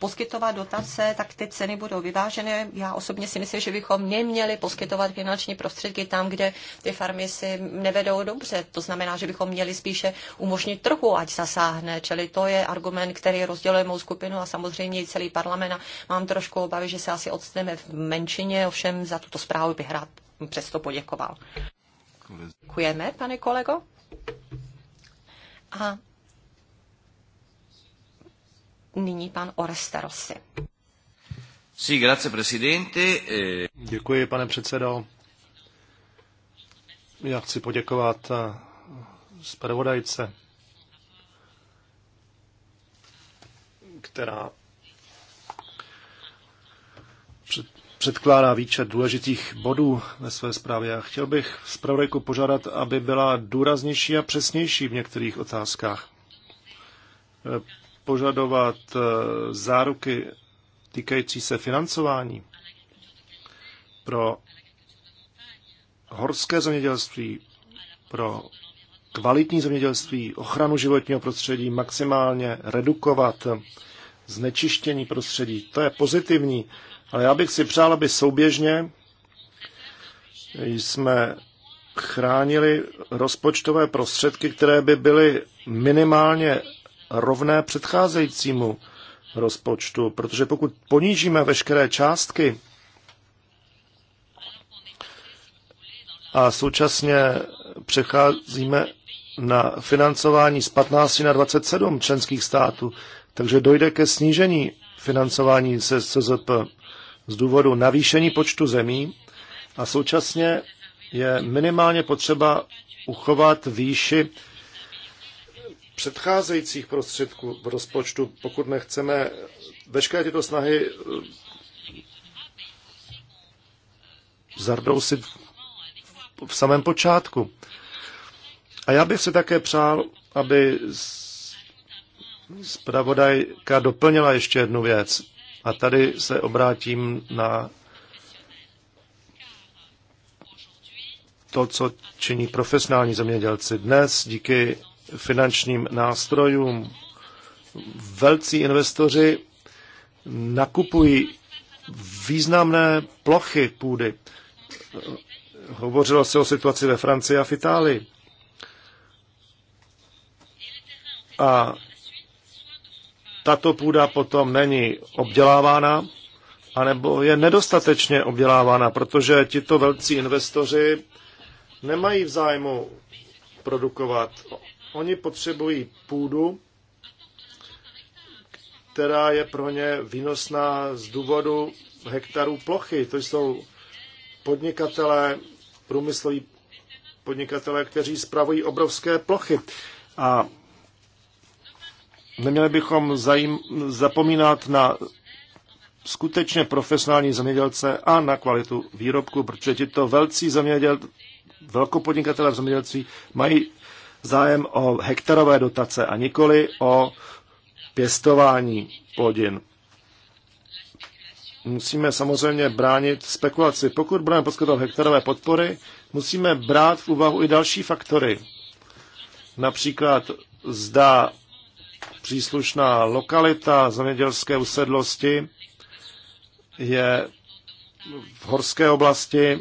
poskytovat dotace, tak ty ceny budou vyvážené. Já osobně si myslím, že bychom neměli poskytovat finanční prostředky tam, kde ty farmy si nevedou dobře. To znamená, že bychom měli spíše umožnit trhu, ať zasáhne. Čili to je argument, který rozděluje mou skupinu a samozřejmě i celý parlament. A mám trošku obavy, že se asi odstneme v menšině, ovšem za tuto zprávu bych rád přesto poděkoval. Děkujeme, pane kolego. A nyní pan Oreste Rossi. Sí, grazie, presidente. Eh, Děkuji, pane předsedo. Já chci poděkovat eh, zpravodajce, která předkládá výčet důležitých bodů ve své zprávě. A chtěl bych zpravodajku požádat, aby byla důraznější a přesnější v některých otázkách. Eh, požadovat eh, záruky týkající se financování pro horské zemědělství, pro kvalitní zemědělství, ochranu životního prostředí, maximálně redukovat znečištění prostředí. To je pozitivní, ale já bych si přál, aby souběžně jsme chránili rozpočtové prostředky, které by byly minimálně rovné předcházejícímu rozpočtu, protože pokud ponížíme veškeré částky a současně přecházíme na financování z 15 na 27 členských států, takže dojde ke snížení financování se CZP z důvodu navýšení počtu zemí a současně je minimálně potřeba uchovat výši předcházejících prostředků v rozpočtu, pokud nechceme veškeré tyto snahy eh, zardousit v samém počátku. A já bych se také přál, aby zpravodajka doplnila ještě jednu věc. A tady se obrátím na to, co činí profesionální zemědělci. Dnes díky finančním nástrojům. Velcí investoři nakupují významné plochy půdy. Hovořilo se o situaci ve Francii a v Itálii. A tato půda potom není obdělávána, anebo je nedostatečně obdělávána, protože tito velcí investoři nemají v zájmu produkovat Oni potřebují půdu, která je pro ně výnosná z důvodu hektarů plochy. To jsou podnikatelé, průmysloví podnikatelé, kteří spravují obrovské plochy. A neměli bychom zajím, zapomínat na skutečně profesionální zemědělce a na kvalitu výrobku, protože tito velcí zemědělci, velkopodnikatelé v zemědělství mají zájem o hektarové dotace a nikoli o pěstování plodin. Musíme samozřejmě bránit spekulaci. Pokud budeme poskytovat hektarové podpory, musíme brát v úvahu i další faktory. Například zda příslušná lokalita zemědělské usedlosti je v horské oblasti,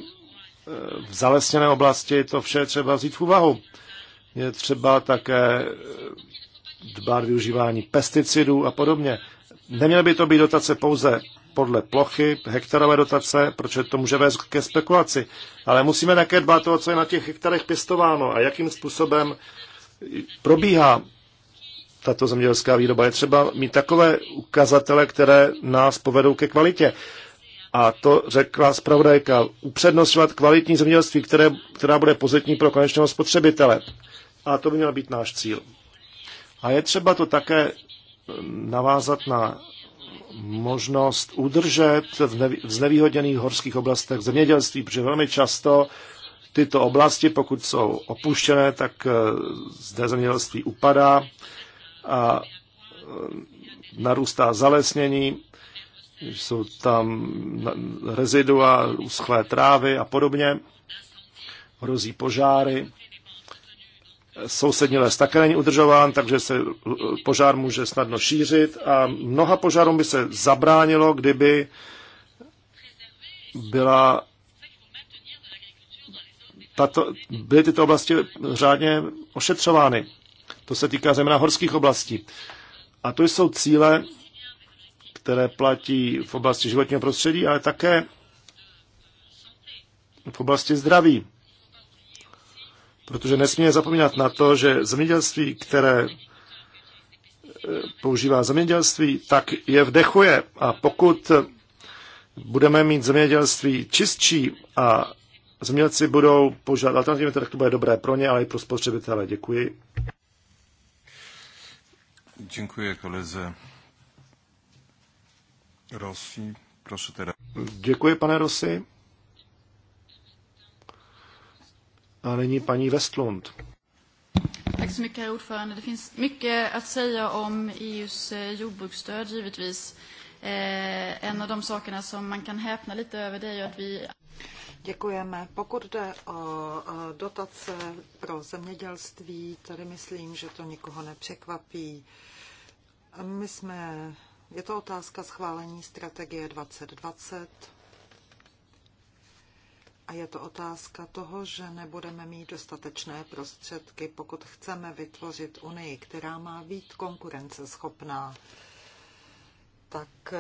v zalesněné oblasti, to vše třeba vzít v úvahu je třeba také dbát využívání pesticidů a podobně. Neměly by to být dotace pouze podle plochy, hektarové dotace, protože to může vést ke spekulaci. Ale musíme také dbát toho, co je na těch hektarech pěstováno a jakým způsobem probíhá tato zemědělská výroba. Je třeba mít takové ukazatele, které nás povedou ke kvalitě. A to řekla zpravodajka, upřednostňovat kvalitní zemědělství, které, která bude pozitivní pro konečného spotřebitele. A to by měl být náš cíl. A je třeba to také eh, navázat na možnost udržet v znevýhodněných horských oblastech zemědělství, protože velmi často tyto oblasti, pokud jsou opuštěné, tak eh, zde zemědělství upadá a eh, narůstá zalesnění, jsou tam rezidua uschlé trávy a podobně, hrozí požáry Sousední les také není udržován, takže se eh, požár může snadno šířit a mnoha požárům by se zabránilo, kdyby byla tato, byly tyto oblasti řádně ošetřovány. To se týká zejména horských oblastí. A to jsou cíle, které platí v oblasti životního prostředí, ale také v oblasti zdraví protože nesmíme zapomínat na to, že zemědělství, které eh, používá zemědělství, tak je vdechuje. A pokud eh, budeme mít zemědělství čistší a zemědělci budou používat alternativy, tak to bude dobré pro ně, ale i pro spotřebitele. Děkuji. Děkuji koleze Rosi, proszę teda. Děkuji, pane Rosy. A nyní paní Westlund. Tak så mycket, herr ordförande. Det finns mycket att säga om EUs eh, jordbruksstöd, givetvis. Eh, en av de sakerna som man kan häpna lite över det är ju att vi... Děkujeme. Pokud jde o dotace pro zemědělství, tady myslím, že to nikoho nepřekvapí. My jsme, je to otázka schválení strategie 2020 a je to otázka toho, že nebudeme mít dostatečné prostředky, pokud chceme vytvořit Unii, která má být konkurenceschopná, tak eh,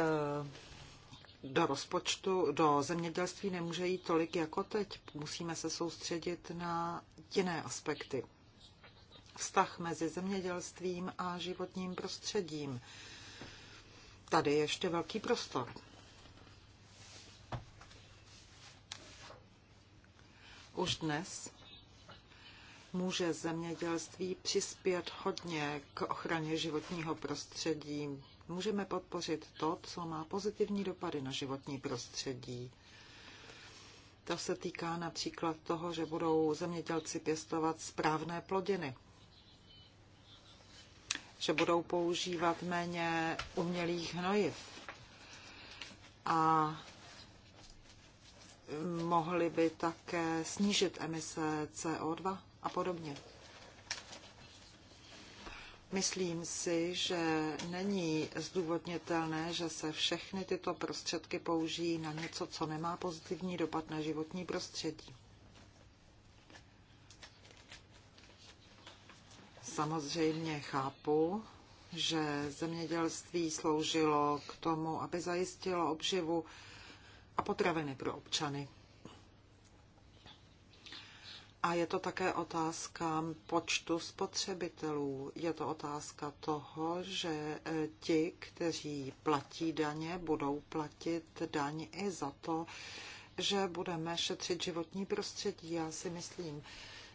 do rozpočtu, do zemědělství nemůže jít tolik jako teď. Musíme se soustředit na jiné aspekty. Vztah mezi zemědělstvím a životním prostředím. Tady je ještě velký prostor. Už dnes může zemědělství přispět hodně k ochraně životního prostředí. Můžeme podpořit to, co má pozitivní dopady na životní prostředí. To se týká například toho, že budou zemědělci pěstovat správné plodiny, že budou používat méně umělých hnojiv a mohly by také snížit emise CO2 a podobně. Myslím si, že není zdůvodnitelné, že se všechny tyto prostředky použijí na něco, co nemá pozitivní dopad na životní prostředí. Samozřejmě chápu, že zemědělství sloužilo k tomu, aby zajistilo obživu a potraviny pro občany. A je to také otázka počtu spotřebitelů. Je to otázka toho, že e, ti, kteří platí daně, budou platit daň i za to, že budeme šetřit životní prostředí. Já si myslím,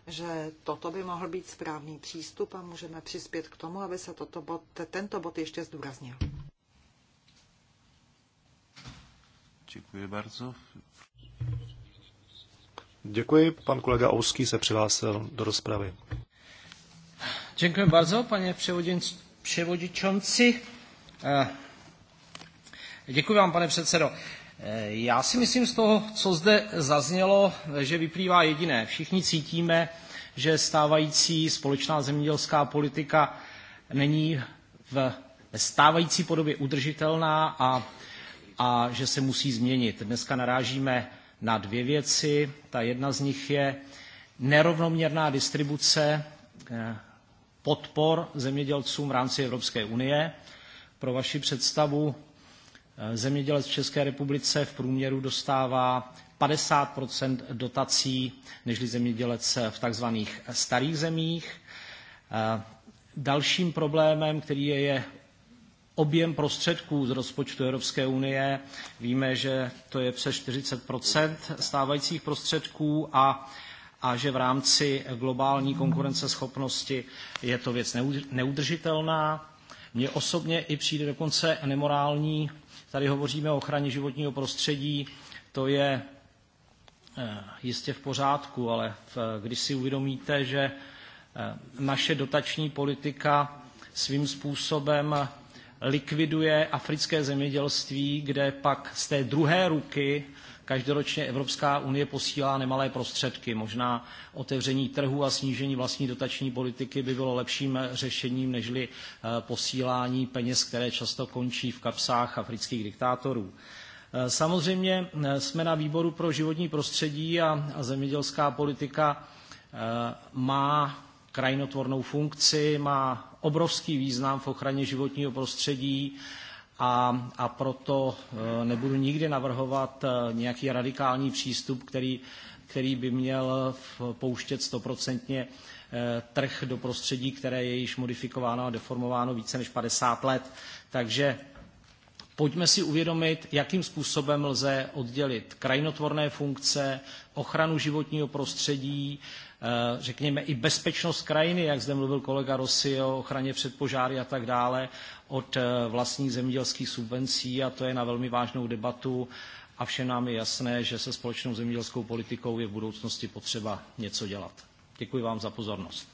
že toto by mohl být správný přístup a můžeme přispět k tomu, aby se toto bod, tento bod ještě zdůraznil. Děkuji bardzo. Děkuji. Pan kolega Ouský se přihlásil do rozpravy. Děkuji bardzo, pane převodíčonci. Eh, děkuji vám, pane předsedo. Eh, já si myslím z toho, co zde zaznělo, že vyplývá jediné. Všichni cítíme, že stávající společná zemědělská politika není v stávající podobě udržitelná a a že se musí změnit. Dneska narážíme na dvě věci. Ta jedna z nich je nerovnoměrná distribuce eh, podpor zemědělcům v rámci Evropské unie. Pro vaši představu, eh, zemědělec v České republice v průměru dostává 50 dotací nežli zemědělec v tzv. starých zemích. Eh, dalším problémem, který je objem prostředků z rozpočtu Evropské unie. Víme, že to je přes 40 stávajících prostředků a a že v rámci globální konkurenceschopnosti je to věc neudržitelná. Mně osobně i přijde dokonce nemorální, tady hovoříme o ochraně životního prostředí, to je eh, jistě v pořádku, ale když si uvědomíte, že eh, naše dotační politika svým způsobem likviduje africké zemědělství, kde pak z té druhé ruky každoročně Evropská unie posílá nemalé prostředky. Možná otevření trhu a snížení vlastní dotační politiky by bylo lepším řešením, nežli eh, posílání peněz, které často končí v kapsách afrických diktátorů. Eh, samozřejmě eh, jsme na výboru pro životní prostředí a, a zemědělská politika má krajinotvornou funkci, má obrovský význam v ochraně životního prostředí a, a proto eh, nebudu nikdy navrhovat eh, nějaký radikální přístup, který, který by měl pouštět stoprocentně eh, trh do prostředí, které je již modifikováno a deformováno více než 50 let. Takže pojďme si uvědomit, jakým způsobem lze oddělit krajinotvorné funkce, ochranu životního prostředí, Eh, řekněme, i bezpečnost krajiny, jak zde mluvil kolega Rossi o ochraně před požáry a tak dále, od eh, vlastních zemědělských subvencí a to je na velmi vážnou debatu a všem nám je jasné, že se společnou zemědělskou politikou je v budoucnosti potřeba něco dělat. Děkuji vám za pozornost.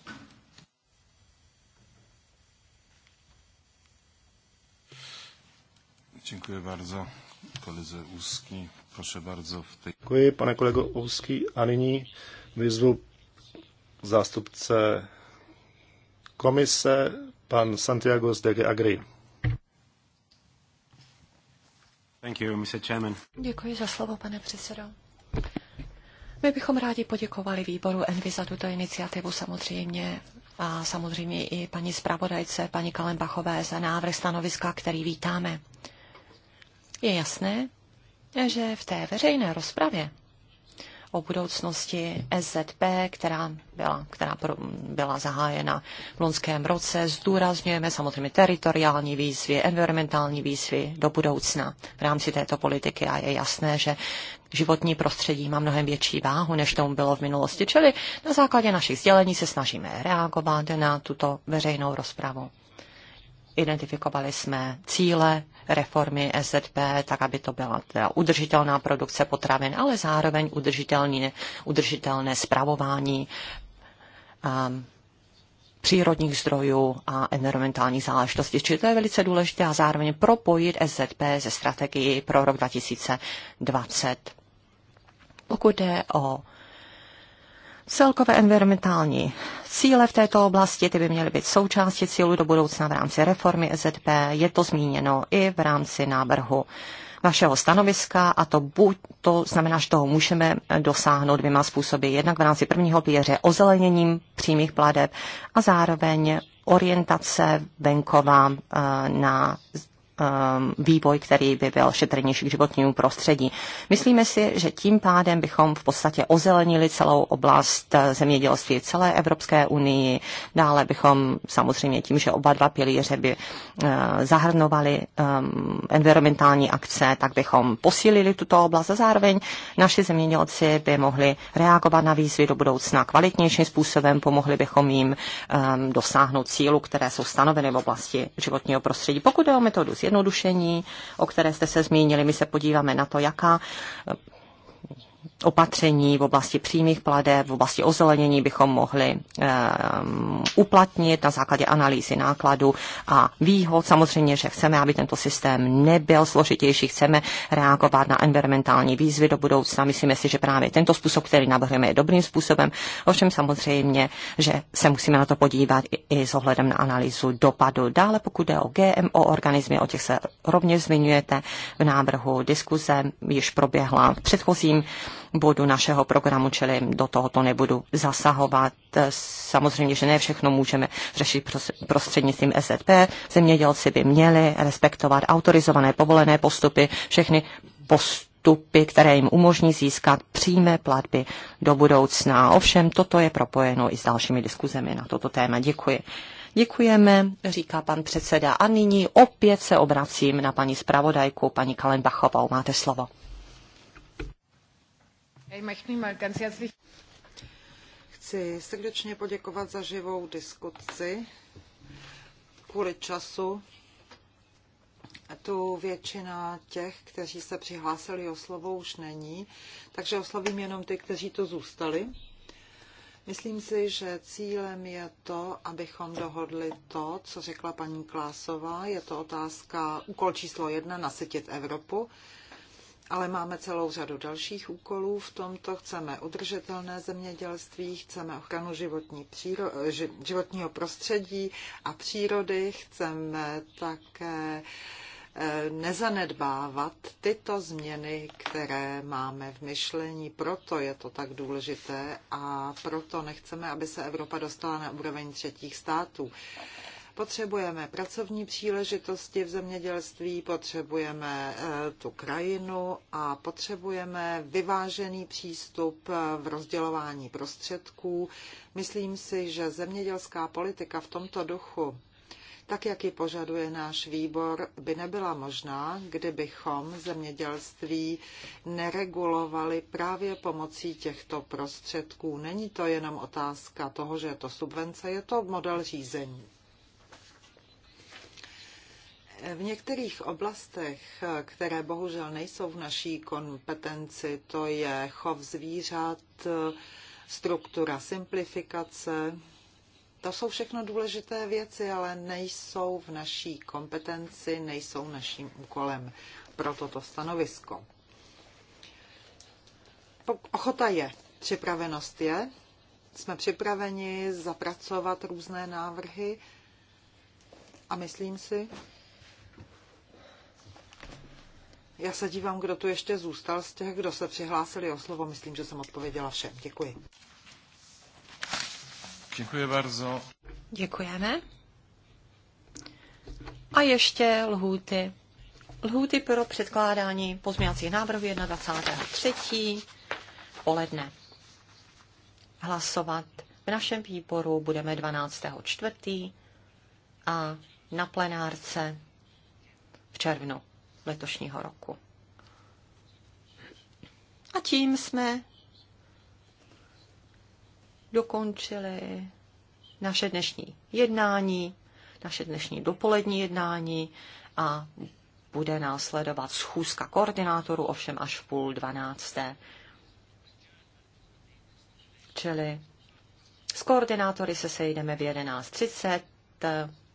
Děkuji bardzo koledze Úzký. Proszę bardzo. tej... Děkuji, pane kolego Úzký. A nyní vyzvu zástupce komise, pan Santiago z Agri. Thank you, Mr. Chairman. Děkuji za slovo, pane předsedo. My bychom rádi poděkovali výboru Envy za tuto iniciativu samozřejmě a samozřejmě i paní zpravodajce, paní Kalembachové za návrh stanoviska, který vítáme. Je jasné, že v té veřejné rozpravě o budoucnosti SZP, která byla, která byla zahájena v loňském roce. Zdůrazňujeme samozřejmě teritoriální výzvy, environmentální výzvy do budoucna v rámci této politiky a je jasné, že životní prostředí má mnohem větší váhu, než tomu bylo v minulosti. Čili na základě našich sdělení se snažíme reagovat na tuto veřejnou rozpravu. Identifikovali jsme cíle reformy SZP, tak aby to byla teda udržitelná produkce potravin, ale zároveň udržitelné, udržitelné zpravování um, přírodních zdrojů a environmentálních záležitostí. Čili to je velice důležité a zároveň propojit SZP ze strategii pro rok 2020. Pokud jde o Celkové environmentální cíle v této oblasti, ty by měly být součástí cílů do budoucna v rámci reformy EZP. Je to zmíněno i v rámci návrhu vašeho stanoviska a to buď, to znamená, že toho můžeme dosáhnout dvěma způsoby. Jednak v rámci prvního pilíře ozeleněním přímých pladeb a zároveň orientace venkova eh, na Um, vývoj, který by byl šetrnější k životnímu prostředí. Myslíme si, že tím pádem bychom v podstatě ozelenili celou oblast eh, zemědělství celé Evropské unii. Dále bychom samozřejmě tím, že oba dva pilíře by eh, zahrnovali ehm, environmentální akce, tak bychom posílili tuto oblast a zároveň naši zemědělci by mohli reagovat na výzvy do budoucna kvalitnějším způsobem, pomohli bychom jim ehm, dosáhnout cílu, které jsou stanoveny v oblasti životního prostředí. Pokud je o metodu zjednodušení, o které jste se zmínili. My se podíváme na to, jaká opatření v oblasti přímých pladeb, v oblasti ozelenění bychom mohli um, uplatnit na základě analýzy nákladů a výhod. Samozřejmě, že chceme, aby tento systém nebyl složitější, chceme reagovat na environmentální výzvy do budoucna. Myslíme si, že právě tento způsob, který navrhujeme, je dobrým způsobem. Ovšem samozřejmě, že se musíme na to podívat i, i s ohledem na analýzu dopadu. Dále, pokud jde o GMO organismy, o těch se rovněž zmiňujete v návrhu diskuze, již proběhla v předchozím bodu našeho programu, čili do tohoto nebudu zasahovat. Samozřejmě, že ne všechno můžeme řešit prostřednictvím SZP. Zemědělci by měli respektovat autorizované povolené postupy, všechny postupy Tupy, které jim umožní získat přímé platby do budoucna. Ovšem, toto je propojeno i s dalšími diskuzemi na toto téma. Děkuji. Děkujeme, říká pan předseda. A nyní opět se obracím na paní zpravodajku, paní Kalenbachovou. Máte slovo. Chci srdečně poděkovat za živou diskuci kvůli času. Tu většina těch, kteří se přihlásili o slovo, už není, takže oslovím jenom ty, kteří to zůstali. Myslím si, že cílem je to, abychom dohodli to, co řekla paní Klásová. Je to otázka úkol číslo jedna, nasytit Evropu ale máme celou řadu dalších úkolů. V tomto chceme udržitelné zemědělství, chceme ochranu životní příro, životního prostředí a přírody, chceme také eh, nezanedbávat tyto změny, které máme v myšlení. Proto je to tak důležité a proto nechceme, aby se Evropa dostala na úroveň třetích států. Potřebujeme pracovní příležitosti v zemědělství, potřebujeme eh, tu krajinu a potřebujeme vyvážený přístup eh, v rozdělování prostředků. Myslím si, že zemědělská politika v tomto duchu tak jak ji požaduje náš výbor, by nebyla možná, kdybychom zemědělství neregulovali právě pomocí těchto prostředků. Není to jenom otázka toho, že je to subvence, je to model řízení. V některých oblastech, které bohužel nejsou v naší kompetenci, to je chov zvířat, struktura simplifikace, to jsou všechno důležité věci, ale nejsou v naší kompetenci, nejsou naším úkolem pro toto stanovisko. Ochota je, připravenost je, jsme připraveni zapracovat různé návrhy a myslím si, já se dívám, kdo tu ještě zůstal z těch, kdo se přihlásili o slovo. Myslím, že jsem odpověděla všem. Děkuji. Děkuji bardzo. Děkujeme. A ještě lhůty. Lhůty pro předkládání pozměňovacích návrhů 21.3. poledne. Hlasovat v našem výboru budeme 12.4. a na plenárce v červnu letošního roku. A tím jsme dokončili naše dnešní jednání, naše dnešní dopolední jednání a bude následovat schůzka koordinátorů, ovšem až v půl dvanácté. Čili s koordinátory se sejdeme v 11.30